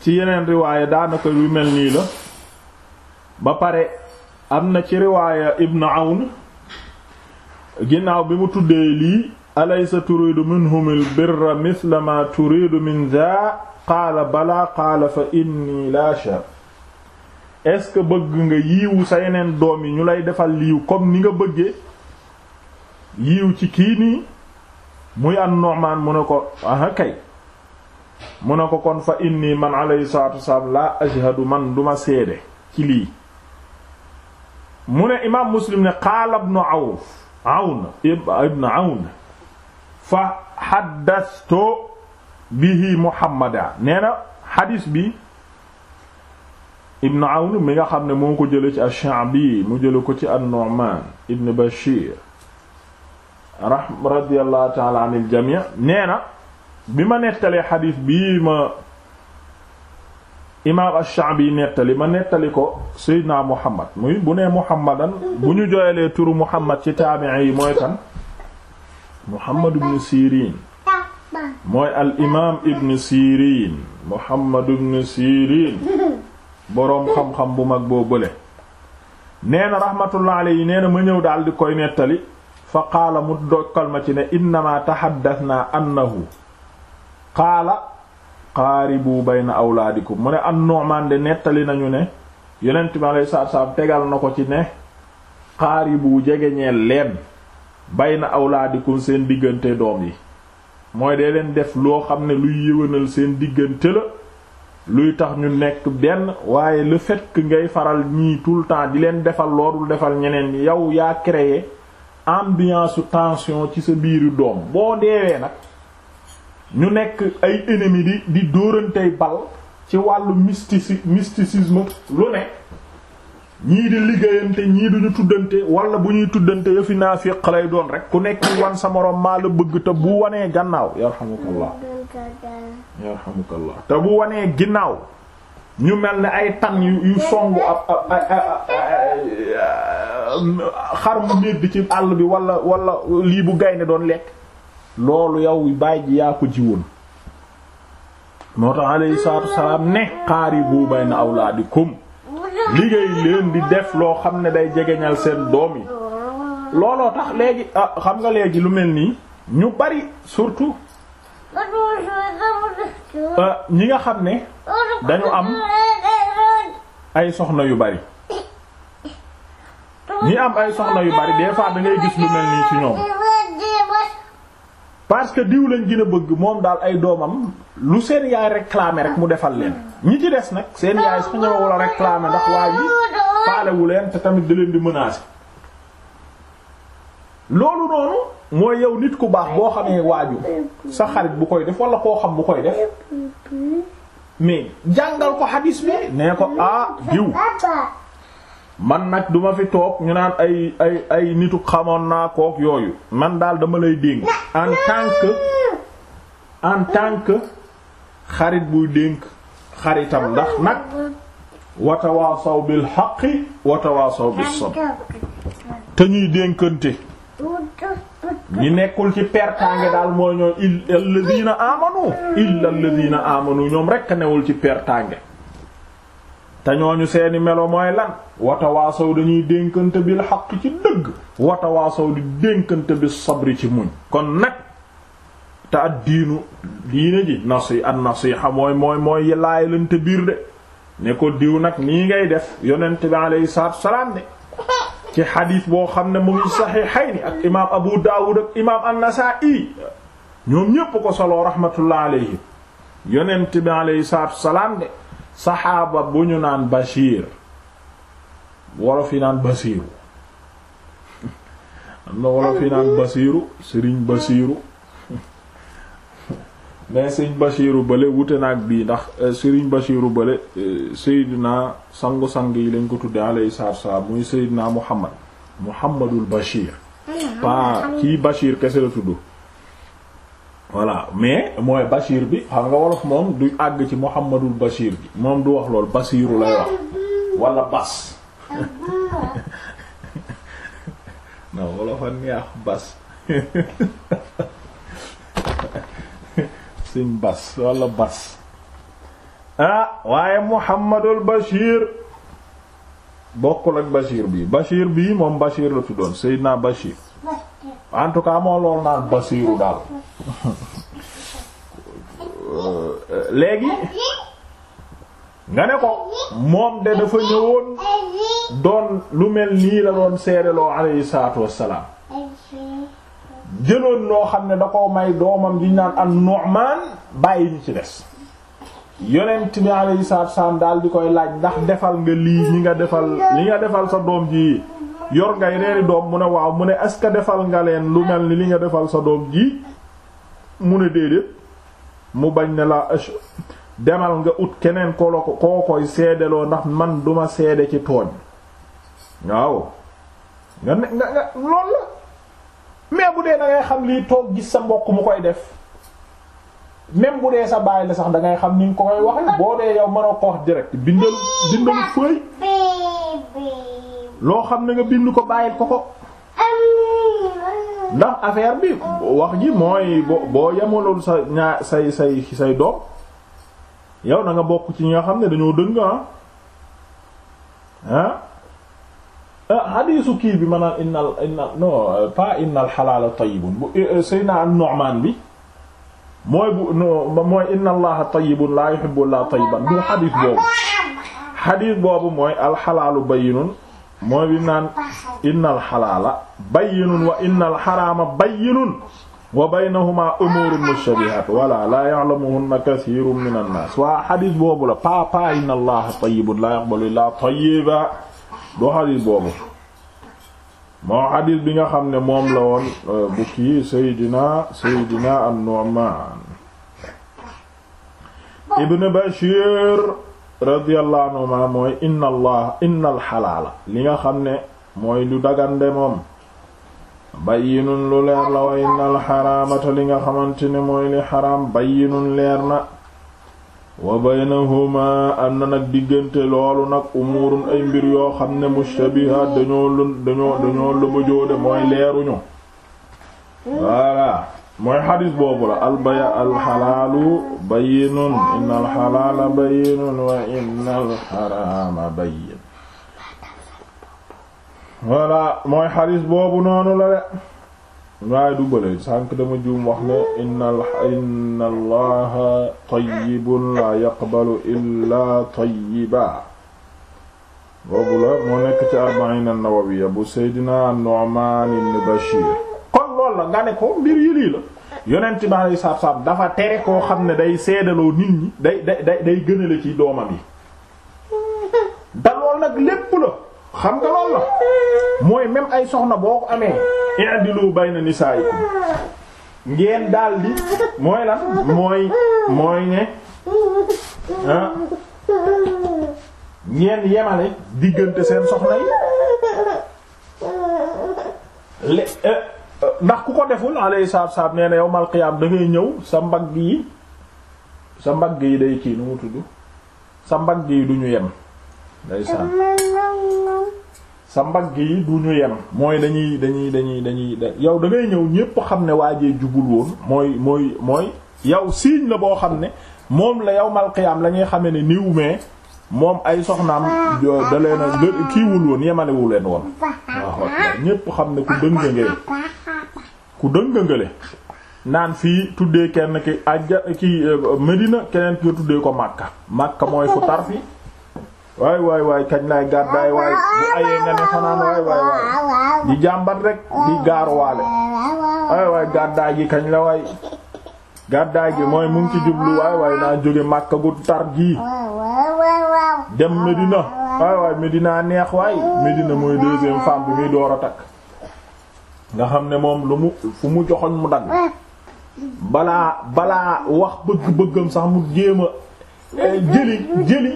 ci yeneen riwaaya daanaka yu mel nii la ba pare am na ci riwaaya Ibn Awn ginnaaw bi mu tuddee lii alaysa turidu minhumul birra mithla ma turidu min dha balaa qaala fa inni la shar est-ce que bëgg nga yiiwu sa yeneen doom yi ñu lay defal liiw comme ni nga bëgge yiiw ci kii nii muy an Nu'man mu ne ko aha kay mu ne ko kon fa inni man alayhi salatu wasalaam laa ashhadu man duma seede ci lii mu ne imaam muslim ne qaala ibnu awf awn ibnu awn fa xaddastu bihi muhammada nee na xadis bi ibnu awn mi nga xam ne moo ko jële ci ash-Sha'bi mu jële ko ci an-Nu'man ibn Bashir ra radiyallahu ta'ala anil jami' nee na bi ma nettalee xadiis bii ma imaam ash-Sha'bi nettali ma nettali ko Seydina Muhammad muy bu nee Muhammadan bu ñu jooyalee turu Muhammad ci taabi'i yi mooy kan Muhammad ibn Sirin mooy al imaam ibn Sirin boroom xam-xam bu mag boo bële nee na rahmatullah alayhi nee na ma ñëw daal di koy nettali fa qaala mu dokkal ma ci ne innamaa tahaddathnaa annahu bu qaaribu na awlaadikum mu ne am Nu'maan nettali nañu ne yonent bi alayhi salaatu tegal na ko ci ne xaari qaaribu jegeñeel leen na awlaadikum seen diggante doom yi mooy dee leen def loo xam ne luy yëwénal seen diggante la luy tax ñu nekk benn waaye la fait ngay faral ñii tout le temps di leen defal loolul defal ñeneen yow yaa créé ambiance tension ci sa biiru doom boo deewee nag ñu nekk ay ennemis di di bal ci wàllu mystici mysticisme lu ne ñii di liggéeyante ñii duñu tuddante wala bu ñuy tuddante yëfi naafiq lay doon rek ku nekk wan sa moroom maa la bëgg te bu wanee gannaaw yarhamukallah te bu wanee ginnaaw ñu mel ni ay tan yu songu ab xar mu néeg bi ci àll bi wala wala lii bu gaynde doon lekk loolu yow bàyyi ji yaa ko jiwoon moo tax alayhi salaatu wassalaam ne qaaribu bayna awlaadikum liggéey leen di def loo xam ne day jegeñal seen doom yi looloo tax léegi ah, xam nga léegi lu mel nii ñu bari surtout ah, ñi nga xam ne dañu am ay soxna yu bari ñi am ay soxna yu bari des fois da gis lu mel nii ci ñoom parce que diw lañ gën a bëgg moom daal ay doomam lu seen yaay réclamer rek mu defal leen ñi ci des nag seen yaay su ñëw la réclamer ndax waa ji faalewu leen te tamit da leen di menacer loolu noonu mooy yow nit ku baax boo xamee waaju sa xarit bu koy def wala koo xam bu koy def mais jàngal ko hadis bi nee ko ah diw man nag duma fi toog ñu naan ay ay ay nitu xamoon naa kook yooyu man daal dama lay dénk en tant que en tant xarit buy dénk xaritam ndax nag watawaasaw bil haqqi watawaasaw bis sabr te ñuy dénkante ñi nekkul ci pertange daal mooy ñoo illa alladhina amanu illa alladhina amanu ñoom rekk newul ci pertange te ñooñu seeni melo mooy lan watawaasaw dañuy dénkante bil xaq ci dëgg watawaasaw di dénkante bi sabri ci muñ kon nag te at diinu diine ji nasi an nasiha mooy mooy mooy laayalante biir de ne ko diw nag nii ngay def yonent bi alayhi salaatu wassalaam ne ci xadiis boo xam ne mu ngi saxiixayni ak imaam Abu Daawud ak imaam An-Nasaa'i ñoom ñépp ko solo rahmatullah alayhi yonent bi alayhi salaatu wassalaam ne saxaaba bu ñu naan Bachir wolof yi naan Basiiru am na wolof yi naan Basiiru Sëriñ Basiiru mais Sëriñ Basiiru bële wute na bii ndax euh, Sëriñ Basiiru bële euh, Seydina sangu-sang yi lañ ko tudde alayhi salaatu wa salaam muy Seydina Muhammad Muhammadul Bachir ah, pa kii Bachir kese la tudd voilà mais mooy Bachir bi xam nga wolof moom du àgg ci Muhammadul Bachir bi moom du wax loolu Bachiru lay wax wala Bas non wolofa neex Bas suñ Bas wala Bas ah waaye Muhammadul Bachir bokkul ak bashir bi Bachir bi moom Bachir la tuddoon Seydina Bachir en tout cas moo loolu naan basiiru daal léegi nga ne ko moom de dafa ñëwoon doon lu mel nii la doon seereloo alayhi salaatu wassalaam jëloon loo xam ne da ko may doomam di naan an Nu'man bàyyi ñu ci des yonent bi alayhi salaatu wassalaam daal di koy laaj ndax defal nga lii ñi nga defal li nga defal sa doom ji yor ngay reeri doom mu ne waaw mu ne est defal nga leen lu mel ni li nga defal sa doom ji mu ne déedéet mu bañ ne la demal nga ut keneen ko la koo koy seedeloo ndax man duma seede ci tooñ waaw nga ne nga nga lool la mais bu dee da ngay xam lii toog gis sa mbokk mu koy def même bu dee sa baay la sax da ngay xam ni nga ko koy waxee boo dee yow mënoo ko wax direct bindal bindal fëy loo xam ne nga bind ko bàyyil ko ko ndax affaire bi wax ji mooy boo boo yemalul sa ñaar say say say doom yow na nga bokk ci ñi nga xam ne dañoo dëng ah ah, ah hadiisu kii bi ma naan innal innal non pas innal xalaala tayyibun bu eh, eh, sayna an-Nu'man bi mooy bu non mooy inna allaha tayyibun la yuhibbu illa tayyiban bu hadiis boobu hadiis boobu mooy alxalaalu bayyinun mooy bi naan innal xalaala bayyinun wa innal xaraama bayyinun wa baynahuma umuurun mushtabihaat wala laa ya'lamuhunna kasiirun min annaas waa xadis boobu la papa inna allaha tayyibun laa yaqbalu illaa tayyiba doo xadis boobu moo xadis bi nga xam ne moom la woon euh, bu kii Seydina Seydina an-Nu'maan ibn Bashiir radiyallahu anhuma mooy inna allah innal xalaala li nga xam ne mooy lu dagande moom bayyinun lu leer la wa innal xaraamata li nga xamante ne mooy li xaraam bayyinun leer na wa baynahuma am nag diggante loolu nag umuurun ay mbir yoo xam ne mushtabihaat dañoo lën dañoo mooy leeruñu voilà mooy xadis boobu la albaya alxalaalu bayyinun inna alxalaala bayyinun wa inna alxaraama bayyin voilà mooy xadis boobu noonu la de waaye du bële sànq dama juum wax ne inna inna allaha tayyibun la yaqbalu illa tayyiba boobu la moo nekk ci arbaina nawawiya bu seydina Nu'man ibn Bashir kon loolu la nga ne ko mbir yi lii la yonent bi alayhi salaatu salaam dafa tere koo xam ne day seedaloo nit ñi day day day gënale ci doomam yi da nag lépp la xam nga lool la mooy même ay soxna boo ko amee i'dilu bayna nisaa'ikum ngeen daal di mooy lan mooy mooy ne ngeen yemale diggante seen soxna yi eh, ndax ku ko deful alayhi salaatu salaam nee na yawmal qiyaam da ñëw sa mbagg yi sa mbagg yi day kii nu mu tudd sa mbagg yi du yem sa sa mbagg yi du mooy dañuy dañuy dañuy dañuy yow da ñëw ñépp xam ne waajee jubul woon mooy mooy mooy yow siiñ la boo xam ne moom la yawmal qiyaam lañuy xame xamee ne niw mais moom ay soxnaam da leen a kiiwul woon yemalewul leen woon waaw ñépp xam ne ku dëng ngeen ku dëngëngale naan fii tuddee kenn ki ajja ki euh, Medina keneen ki tuddee ko Makka Makka mooy fu tar fi waay waay waay kañ lay gàddaay waay bu ayee nga ne fanaan waay waay di jàmbat rek di gaaruwaale waay waay gàddaay gi kañ la waay gàddaay gi mooy mu ci jublu waay waay naa jóge Makka gu tar gii dem Medina waay waay Medina neex waay Medina mooy deuxième femme bi muy door a takk nga xam ne moom lu mu fu mu joxoñ mu dagg balaa balaa wax bëgg-bëggam sax mu jéem a eh, jëli jëli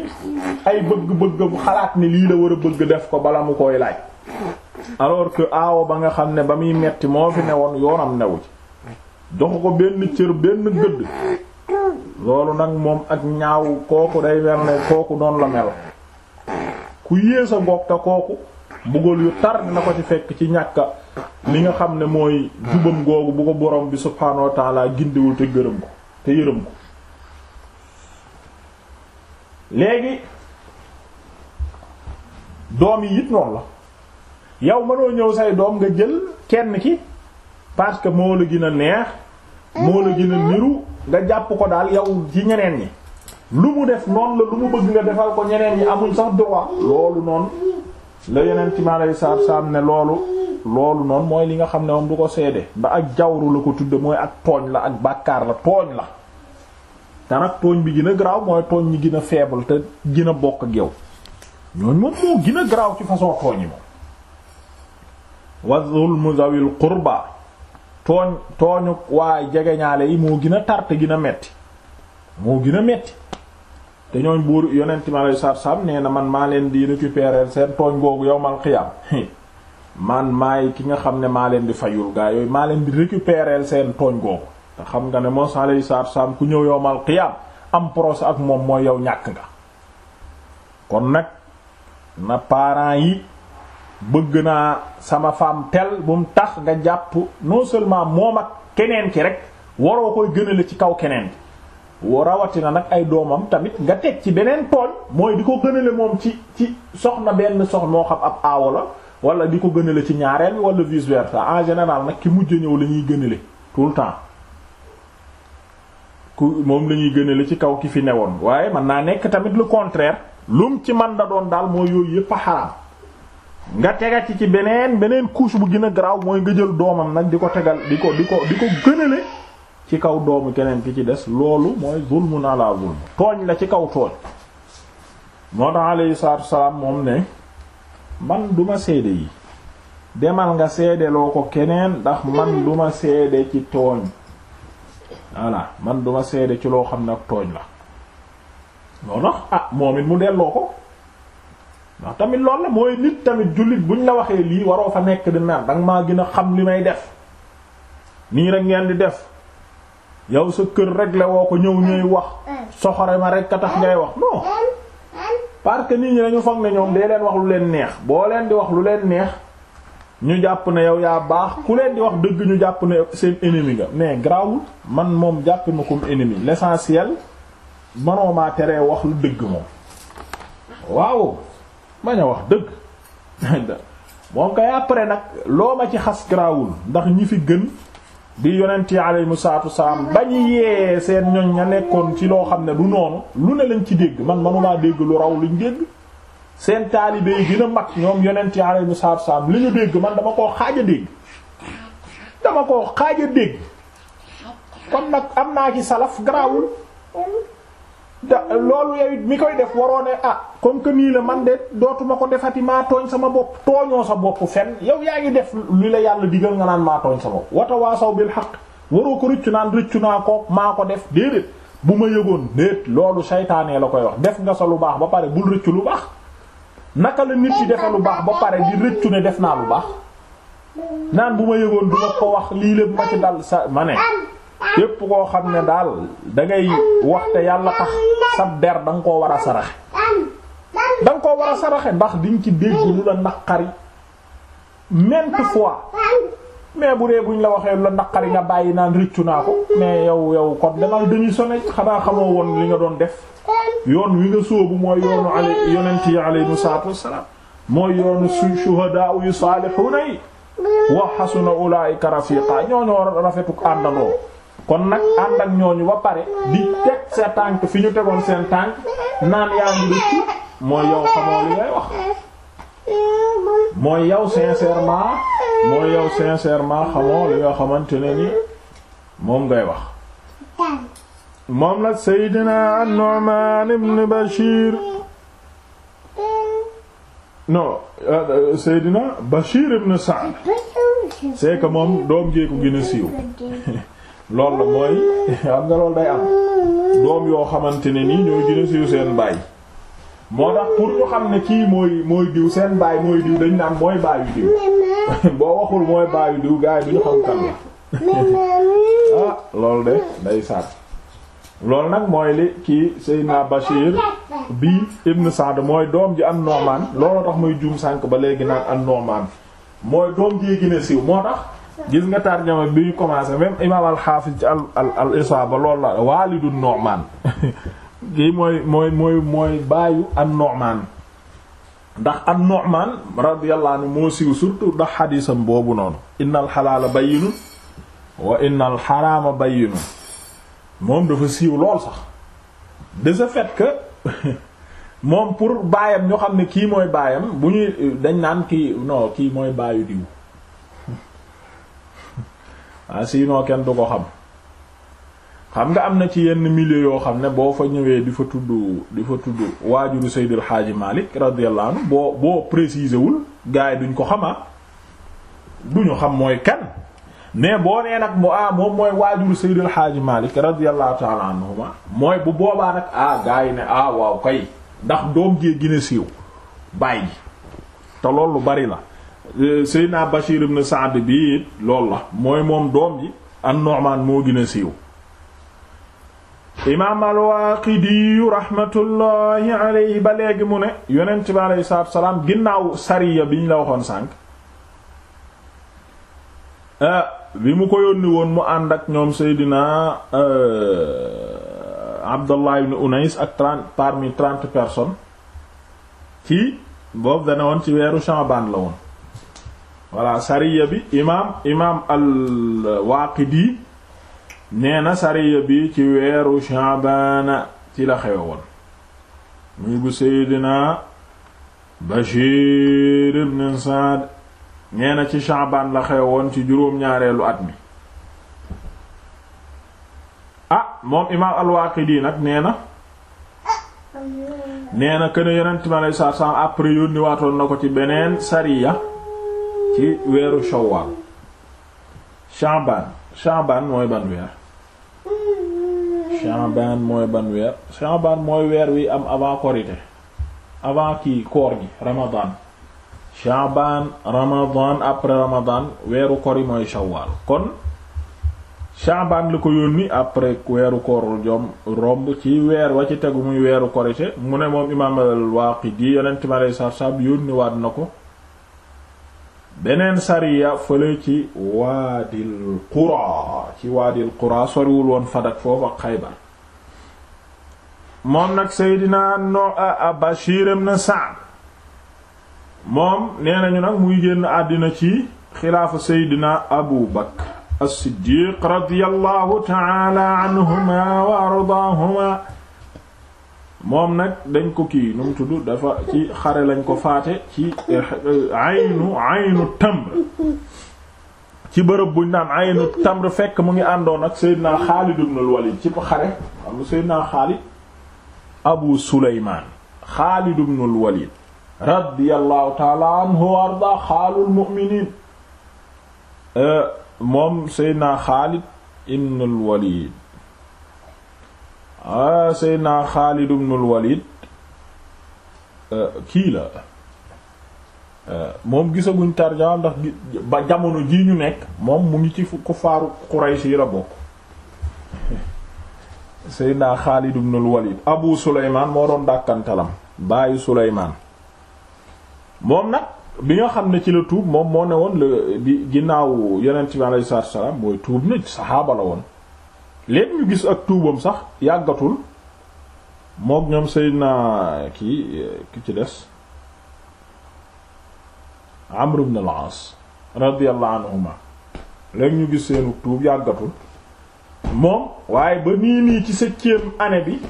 ay bëgg-bëggam xalaat ne lii la war a bëgg def ko bala mu koy laaj alors que aawo ba nga xam ne ba muy metti moo fi newoon yoonam new ci jox ko benn cër benn gëdd loolu nag moom ak ñaaw kooku day mel ne kooku noonu la mel ku yées a bokk te kooku buggal yu tar dina ko ci fekk ci ñàkka li nga xam ne mooy jubam googu bu ko borom bi subhaanahu wa taala gindiwul te gërëm ko te yërëm ko léegi doom yi it noonu la yow mënoo ñëw say doom nga jël kenn ki parce que moo la gin a neex moo la gën a niru nga jàpp ko daal yow ci ñeneen ñi lu mu def noonu la lu mu bëgg nga defal ko ñeneen ñi amul sax droit loolu noonu la yonent mi alayhi salaatu wasalaam ne loolu loolu noonu mooy li nga xam ne moom du ko seede ba ak jawru la ko tudd mooy ak tooñ la ak bàkkaar la tooñ la te nag tooñ bi gën a garaaw mooy tooñ ñi gën a faible te gën a bokk géew yow moom moo gën a garaaw ci façon tooñ yi moom wa zulmu zawil qurba tooñ tooñu waa jegeñaale yi moo gën a tar te gën a metti moo gën a metti te ñooñ buur yonent mi aleyhi salaatu salaam nee na man maa leen di récupérer seen tooñ googu yowmal xiyaam man maay ki nga xam ne maa leen di fayul gaa yooyu maa leen di récupérer seen tooñ googu te xam nga ne mos aleyhi salaatu salaam ku ñëw yowmal xiyaam am procès ak moom mooy yow ñàkk nga kon nag na parents yi bëgg naa sama femme tel bu mu tax nga jàpp non seulement moom ak keneen ki rek waroo koy gënale ci kaw keneen ki rawatina nag ay doomam tamit nga teg ci beneen tooñ mooy di ko gënale moom ci ci soxna benn soxna moo xam ab aawo la wala di ko gënale ci ñaareel wala vice sa en général nag ki mujj ñëw la ñuy gënale tout le temps ku moom la ñuy gënale ci kaw ki fi ne woon waaye mën naa nekk tamit lu contraire lum ci man da doon daal moo yooyu yëpp a nga tega ci ci beneen beneen couche bu gën a garaaw mooy nga jël doomam nag di ko tegal di ko di ko di ko gënale ci kaw doomu keneen ki ci des loolu mooy zulmun ala zulm tooñ la ci kaw tooñ moo tax alayhi salaatu moom ne man duma seede yi demal nga seedeloo ko keneen ndax man duma seede ci tooñ voilà man duma seede ci loo xam ne ak tooñ la moo tax ah moom it mu delloo ko ndax tamit loolu la mooy nit tamit jullit buñ la waxee lii waroo fa nekk di mer danga maa gën a xam li may def nii rek ngeen di def yow sa kër réglé woo ko ñëw ñuy wax eh. soxore ma rek ka tax ngay wax non eh. Eh. parce que nit ñi dañu foog ne ñoom dee leen wax lu leen neex boo leen di wax leen neex ñu jàpp ne yow yaa baax ku leen di wax dëgg ñu jàpp ne seen ennemi nga mais grawul man moom jàpp ma comme ennemi l'essentiel manoo maa teree wax lu dëgg moom waaw mañ a wax dëgg moom kay après nag loo ma ci xas grawul ndax ñi fi gën bi yonent yi aleyhimu salaatu wasalaam bañ yee seen ñoñ ña nekkoon ci loo xam ne du noonu lu ne lañ ci dégg man manumaa dégg lu raw luñ dégg seen taalibe yi gën a mag ñoom yonent yi aleyhimu salaatu wasalaam li ñu dégg man dama koo xaaja dégg dama koo xaaja dégg kon nag am naa ci salaf garaawul da loolu yow mi koy def waroo ne ah comme que nii la man de dootuma ko defati maa tooñ sama bopp tooñoo sa bopp fen yow yaa ngi def li la yàlla digal nga naan maa tooñ sa bopp wata waasaw bil xaq waroo ko rëccu naan rëccu naa ko maa ko def déedéet bu ma yëgoon déet loolu seytaanee la koy wax def nga sa lu baax ba pare bul rëccu lu baax naka la nit ci defe lu baax ba pare di rëccu ne def naa lu baax naan bu ma yëgoon du ma ko wax lii lépp ma ci dal ma ne képp koo xam ne daal dangay wax te yàlla tax sa der koo war a saraxe da koo war a saraxe ndax diñ ci dégg lu la naqari maintes fois mais bu dee buñ la waxee la naqari nga bàyyi naan rëccu naa ko mais yow yow kon demal dañuy sone xanaa xamoo woon li nga doon def yoon wi nga sóobu mooy yoonu ale yonent yi aleyhim salaatu wassalaam mooy yoonu su shuhadaa yu saalihuuna yi wa hasuna ulaa'ika rafiiqa ñoo ñoo rafetuk àndandoo kon nag ànd ak ñooñu ba pare di teg sa tànk fi ñu tegoon seen tànk naan yaa ngi ci mooy yow xamoo li ngay wax yow sincèrement mooy yow xamante ne ni moom ngay wax. moom nag Seydina An-Nu'man ibn Bashir non euh, euh, Seydina Bashir ibn Sa'd c'est moom doom jéego gën a siiw. loolu la mooy xam nga loolu day yoo xamante ne nii ñooy gën a seen baay moo tax kii mooy mooy diw seen baay mooy diw dañ mooy baayu diw boo waxul mooy baayu diw gars yi du ñu xam ah, de day saat loolu nag mooy li kii Seydina Bachir bi Ibn Sa'd mooy doom ji an Nu'man looloo tax muy juum sànk ba léegi naan an Nu'man mooy doom jee gën a siiw moo tax gis nga tarjama bi ñu commencé même imaam al-Hafiz ci al al al isaaba loolu la waalidu Nu'man kii mooy mooy mooy mooy baayu an-Nu'man ndax an-Nu'man radiyallahu anhu moo siiw surtout ndax xadiisam boobu noonu innal xalaala bayyinun wa innal xaraama bayyinun moom dafa siiw lool sax de ce fait moom pour baayam ñoo xam ne kii mooy baayam bu ñuy dañ naan kii non kii mooy baayu diw ah sinon kenn du ko xam xam nga am na ci yenn milieu yoo xam ne boo fa ñëwee di fa tudd di fa tudd waajuru Seydil Hadji Malick radiyallahu anhu boo boo préciser wul gars yi duñ ko xama ah. duñu xam mooy kan mais boo nee nag mu ah moom mooy waajuru Seydil Hadji Malick radiyallahu ta'ala anhuma mooy bu boobaa nag ah gars ne ah waaw kay ndax doog jee gën a siiw bàyyi te loolu lu bari la Euh, Seydina Bachir ibn Saad bi lool la mooy moom doom yi an-Nu'man moo gën a siiw imaam al-Waaqidiyu rahmatullahi ba léegi mu ne yonent bi aleyhi salaatu salaam ginnaaw sariya biñ la waxoon sànq euh, bi mu ko yónni woon mu ànd ak ñoom Seydina euh, Abdallah ibn Unais ak trente parmi ci boobu dana woon ci weeru Sha'ban la woon voilà sariya bi imaam imaam al-Waaqidi nee na sariya bi ci weeru Shaabaana ci la xewe woon muy bu Seydina Bashir ibn Saad nee na ci Shaabaan la xewe woon ci juróom-ñaareelu at mi ah moom imaam al-Waaqidi nag nee na nee na kën a yonent mi alayhi salaam après yónni waatoon na ko ci beneen sariya ci weeru shawwal sha'ban sha'ban mooy ban weer sha'ban mooy weer wi am avant korité avant kii koor gi ramadan sha'ban ramadan après ramadan weeru kori mooy shawwal kon sha'ban li ko yónni après weeru koor jom romb ci weer wa ci tegu muy weeru korité mu ne moom imaam al-Waaqidi yonent mi alayhi salaatu wa yónni waat na ko beneen sariya fële ci waadil qura ci waadil qura soriwul woon fadak foofu moom nag seydina no Bashir ibn Sa'd moom nee nañu nag muy génn àddina ci xilaafa seydina Abu Bakr as-Siddiq radiyallahu ta'ala anhuma wa ardaahuma moom nag dañ ko kii nu mu tudd dafa ci xare lañ ko faate ci eh, aynu aynu tamr ci bërëb buñ naan aynu tamr fekk mu ngi àndoon nag Seydina Xaalid ibn al-Walid ci xare am Xaalid Abu Sulaymaan Xaalid ibn al-Walid radiyallahu taala anhu wa arda xaalul mu'miniin eh, moom Seydina Xaalid ibn walid ah Seydina Xaalid ibnul Walid euh, kii la euh, moom gisaguñ tarjama ndax ba jamono jii ñu nekk moom mu ngi ci kufaaru Quraysh yi la bokk Seydina Xaalid ibnul Walid Abu Suleymaan moo moom nag bi nga xam ne ci la tuub moom moo ne woon la di ginnaaw Yonent bi alayhi salaatu wa salaam mooy tuub na saxaaba la woon léegi ñu gis ak tuubam sax yàggatul mook ñoom Seydina kii ki ci des Amr ibn al-As radiyallahu anhuma léegi ñu gis seenu tuub yàggatul moom waaye ba nii nii ci septième année bi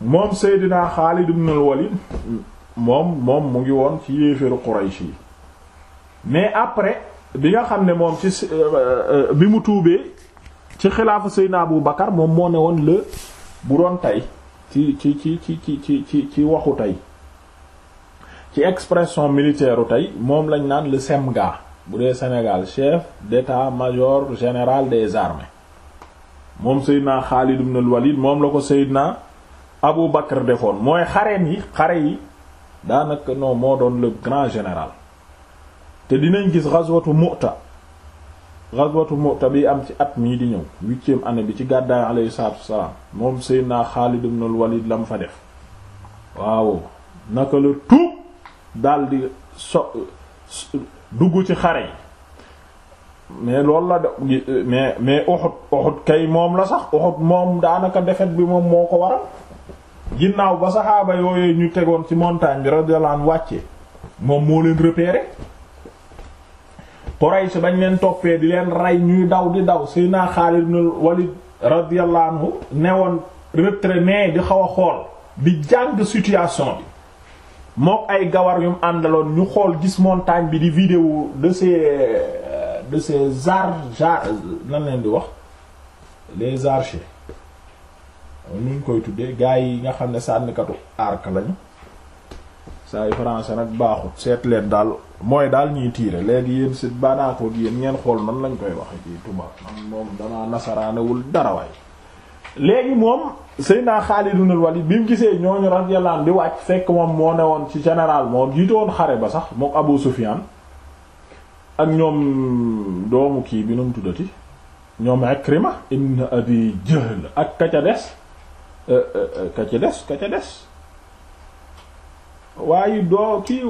moom Seydina Xaalid ibn al moom moom mu ngi woon ci yéeféru Quraysh yi mais après bi nga xam ne moom ci euh, euh, bi mu tuubee ci xilaafa Seydina Abu Bakar moom moo ne woon la bu doon tey ci ci ci ci ci ci ci waxu tey ci expression militaire u tey moom lañ naan le CEMGA bu dee Sénégal chef d'état-major général des armées moom Seydina Xaalid ibn walid moom la ko Seydina Abu Bakar defoon mooy xareen yi xare yi daanaka non moo doon le grand général te dinañ gis ghazwatu Mu'ta ghazwatu Mu'ta bi am ci at mii di ñëw huitième année bi ci gàddaay alayhi salaatu wassalaam moom Seydina Xaalid ibn al-Walid fa def waaw naka la tuub daldi so dugg ci xare yi mais loolu la de mais mais Uhud kay moom la sax Uhud moom daanaka defet bi moom moo ko waral ginnaaw ba saxaaba yooyu ñu tegoon ci montagne bi radiyallahu anhu wàcce moom moo leen repérer Quraysh bañ leen toppee di leen rey ñuy daw di daw Seydina Xaalid ibn Walid radiyallahu anhu newoon retraité di xaw a xool di jàng situation bi mook ay gawar yum àndaloon ñu xool gis montagne bi di vidéo de ces euh, de ces zar jar lan leen di wax les archers nuñ koy tuddee gars yi nga xam ne sànnikatu arc lañu saa yu français nag baaxut seet leen daal mooy daal ñuy tiire léegi yéen si banaakoog yéen ngeen xool nan lañ koy wax ci tubaab man moom damaa nasaraanewul dara waay léegi moom Seydina Xaalid ibn Walid bi mu gisee ñooñu radiyallahu di wàcc fekk moom moo ne woon ci général moom jiite woon xare ba sax moom Abu Sufyan ak ñoom doomu kii bi nu mu tuddati ñoom Ikrima ibn Abi Jahl ak ka euh, euh, euh, des ka ca des kaca des waaye doo kii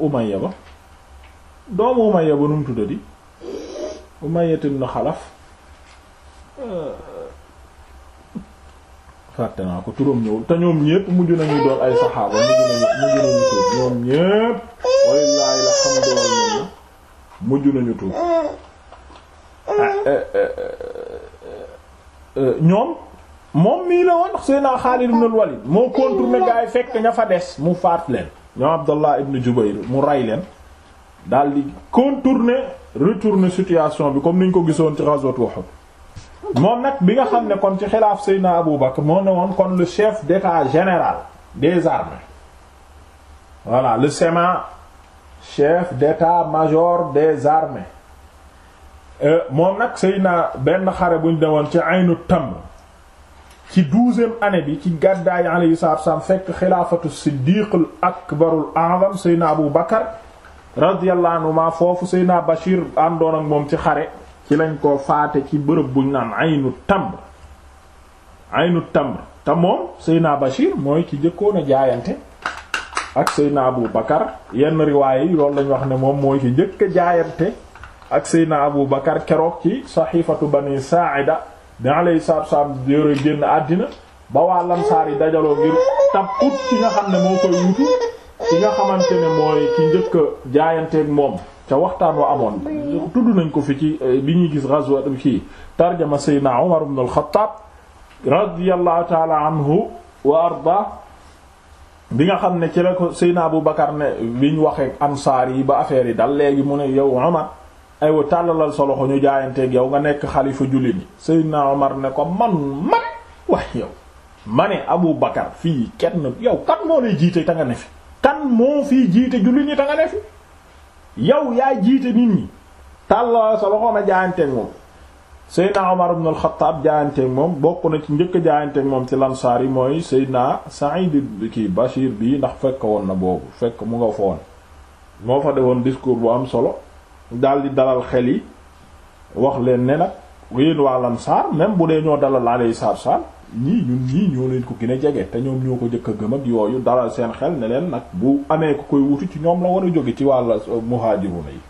Umayya ba doomu Umayya ba nu mu tuddati Umayya ibn Xalaf euh, fàtte naa ko turam ñëwul te ñoom ñépp mujj nañu doon ay saxaaba mujj nañu mujj ñoom moom mii la woon Seydina Xaalid ibn al-Walid moo contourné gaa yi fekk nga fa des mu faat leen ñoom Abdallah ibn Jubayr mu ray leen daal di contourner retourner situation bi comme niñ ko gisoon ci ghazwat Uhud moom nag bi nga xam ne kon ci xilaaf Seydina Abu Bakr moo ne woon kon le chef d'état général des armées voilà le SEMA chef d'état-major des armées euh, moom nag Seydina benn xare buñ demoon ci Aynu Tamr ci douzième année bi ci gàddaay alayhi salaatu wassalaam fekk xilaafatu siddiqul akbarul a'zam seydna abu bakar radiyallahu anhu ma foofu seydna bashir àndoon ak moom ci xare ci lañ ko faate ci bërëb buñ naan aynu tamr aynu tamr te moom bashir mooy ci jëkkoon a jaayante ak seydna abu bakar yenn riwaaya yi loolu lañ wax ne moom mooy ki jëkk jaayante ak seydna abu bakar keroog ci saxiifatu bani saa'ida bi alayhi salaatu salaam yore àddina ba waa yi dajaloo ngir tab ut nga xam ne moo nga xamante ne mooy ci njëkk jaayanteeg moom ca waxtaan wa amoon tudd nañ ko fi ci eh, bi ñuy gis ghazwa ci tarjama sayyidina Umar ibn al-Khattab radiyallahu anhu wa arda bi nga xam ne ci la ko sayyidina Abu Bakar ne biñ waxee ansaar yi ba affaire yi dal léegi mu ne yow Umar aywa tàllalal sa loxo ñu jaayanteeg yow nga nekk xalifa julli ni Seydina Omar ne ko man man wax yow ma ne fii kenn yow kan moo lay jiite ta nga ne fi kan moo fii jiite julli ñi ta nga ne fi yow yaa jiite nit ñi tàllalal sa loxo na jaayanteeg moom Seydina Omar ibn al-Khattab jaayanteeg moom bokk na ci njëkk jaayanteeg moom ci lansaar yi mooy Seydina Sa'id kii Bachir bii ndax fekk woon na boobu fekk mu nga foon moo fa defoon discours bu am solo daldi dalal xel yi wax leen ne nag yéen waa Ansaar même bu dee ñoo dalal alayhi salaatu salaam ñii ñun ñii ñoo leen ko gin a jege te ñoom ñoo ko jëkk a gëm ak yooyu dalal seen xel ne leen nag bu amee ku koy wutu ci ñoom la war a jóge ci wàlla muhaajiruna yi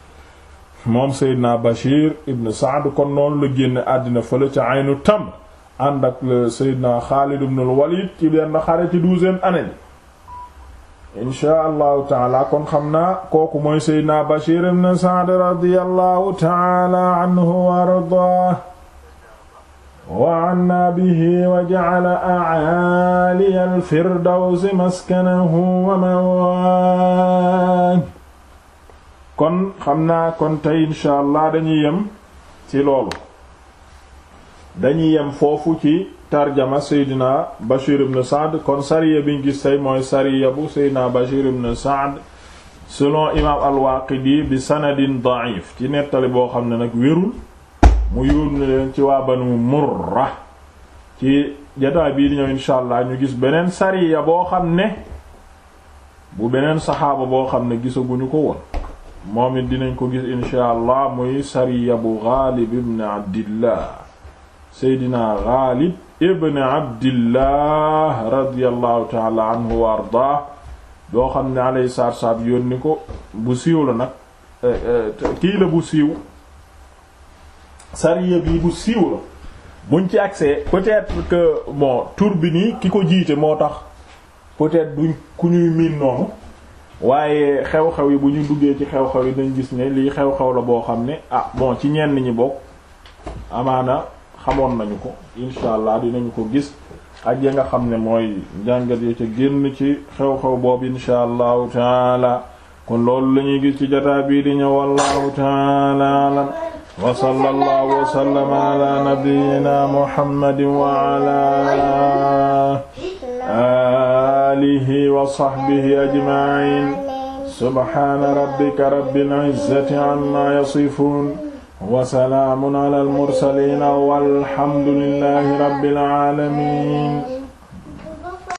moom Seydina Bachir ibn Saad kon noonu la génn àddina fële ca Aynu Tamr ànd ak euh, Seydina Xaalid ibn al Walid ci benn xare ci douzième année bi insha allahu taala kon xam naa kooku mooy seydna bashir ibn saad radiyallahu taala anhu wa ardaah wa anna bihi wa ja'ala a'ali al-firdawsi maskanahu wa mawaa kon xam naa kon tey insha allah dañuy yem ci loolu dañuy yem foofu ci tarjama seydina Bashir ibn Saad kon sariya biñ gis tey mooy sariya bu seydina Bashir ibn Saad selon imaam al bi sanadin da'if ci nettali boo xam ne nag wérul mu yónni leen ci waa Banu Murra ci jataay bii di ñëw allah ñu gis beneen sariya boo xam ne bu beneen saxaaba boo xam ne gisaguñu ko woon moom it dinañ ko gis insha allah muy sariya bu Gaalib ibn Abdillah seydina Ghalib ibn abdillah radiallahu taala anhu wa ardah doo xam ne alay saar saab yónni ko bu siiw la nag eh, eh, kii la bu siiw sariya bi bu siiw la buñ ci accès peut que bon tur bi nii ki ko jiite moo tax peut-être duñ ku ñuy miin noonu waaye xew-xew yi bu ñu duggee ci xew-xew yi dañ gis ne lii xew-xew la boo xam ne ah bon ci ñenn ñi bokk amaana xamoon nañu ko incha allah dinañu ko gis ak ya nga xam ne mooy jàngat yi ca génn ci xew-xew boobu incha allahu taala kon loolu la ñuy gis ci jataa bii di ñëw wallahu taala alam wa sallallahu wa sallama ala nabiyyina muhammadin wa ala alihi wa sahbihi ajma'in subhana rabbika rabbil izzati amma yasifun wasalaamun ala almursaliina walhamdulillahi rabbil aalamiin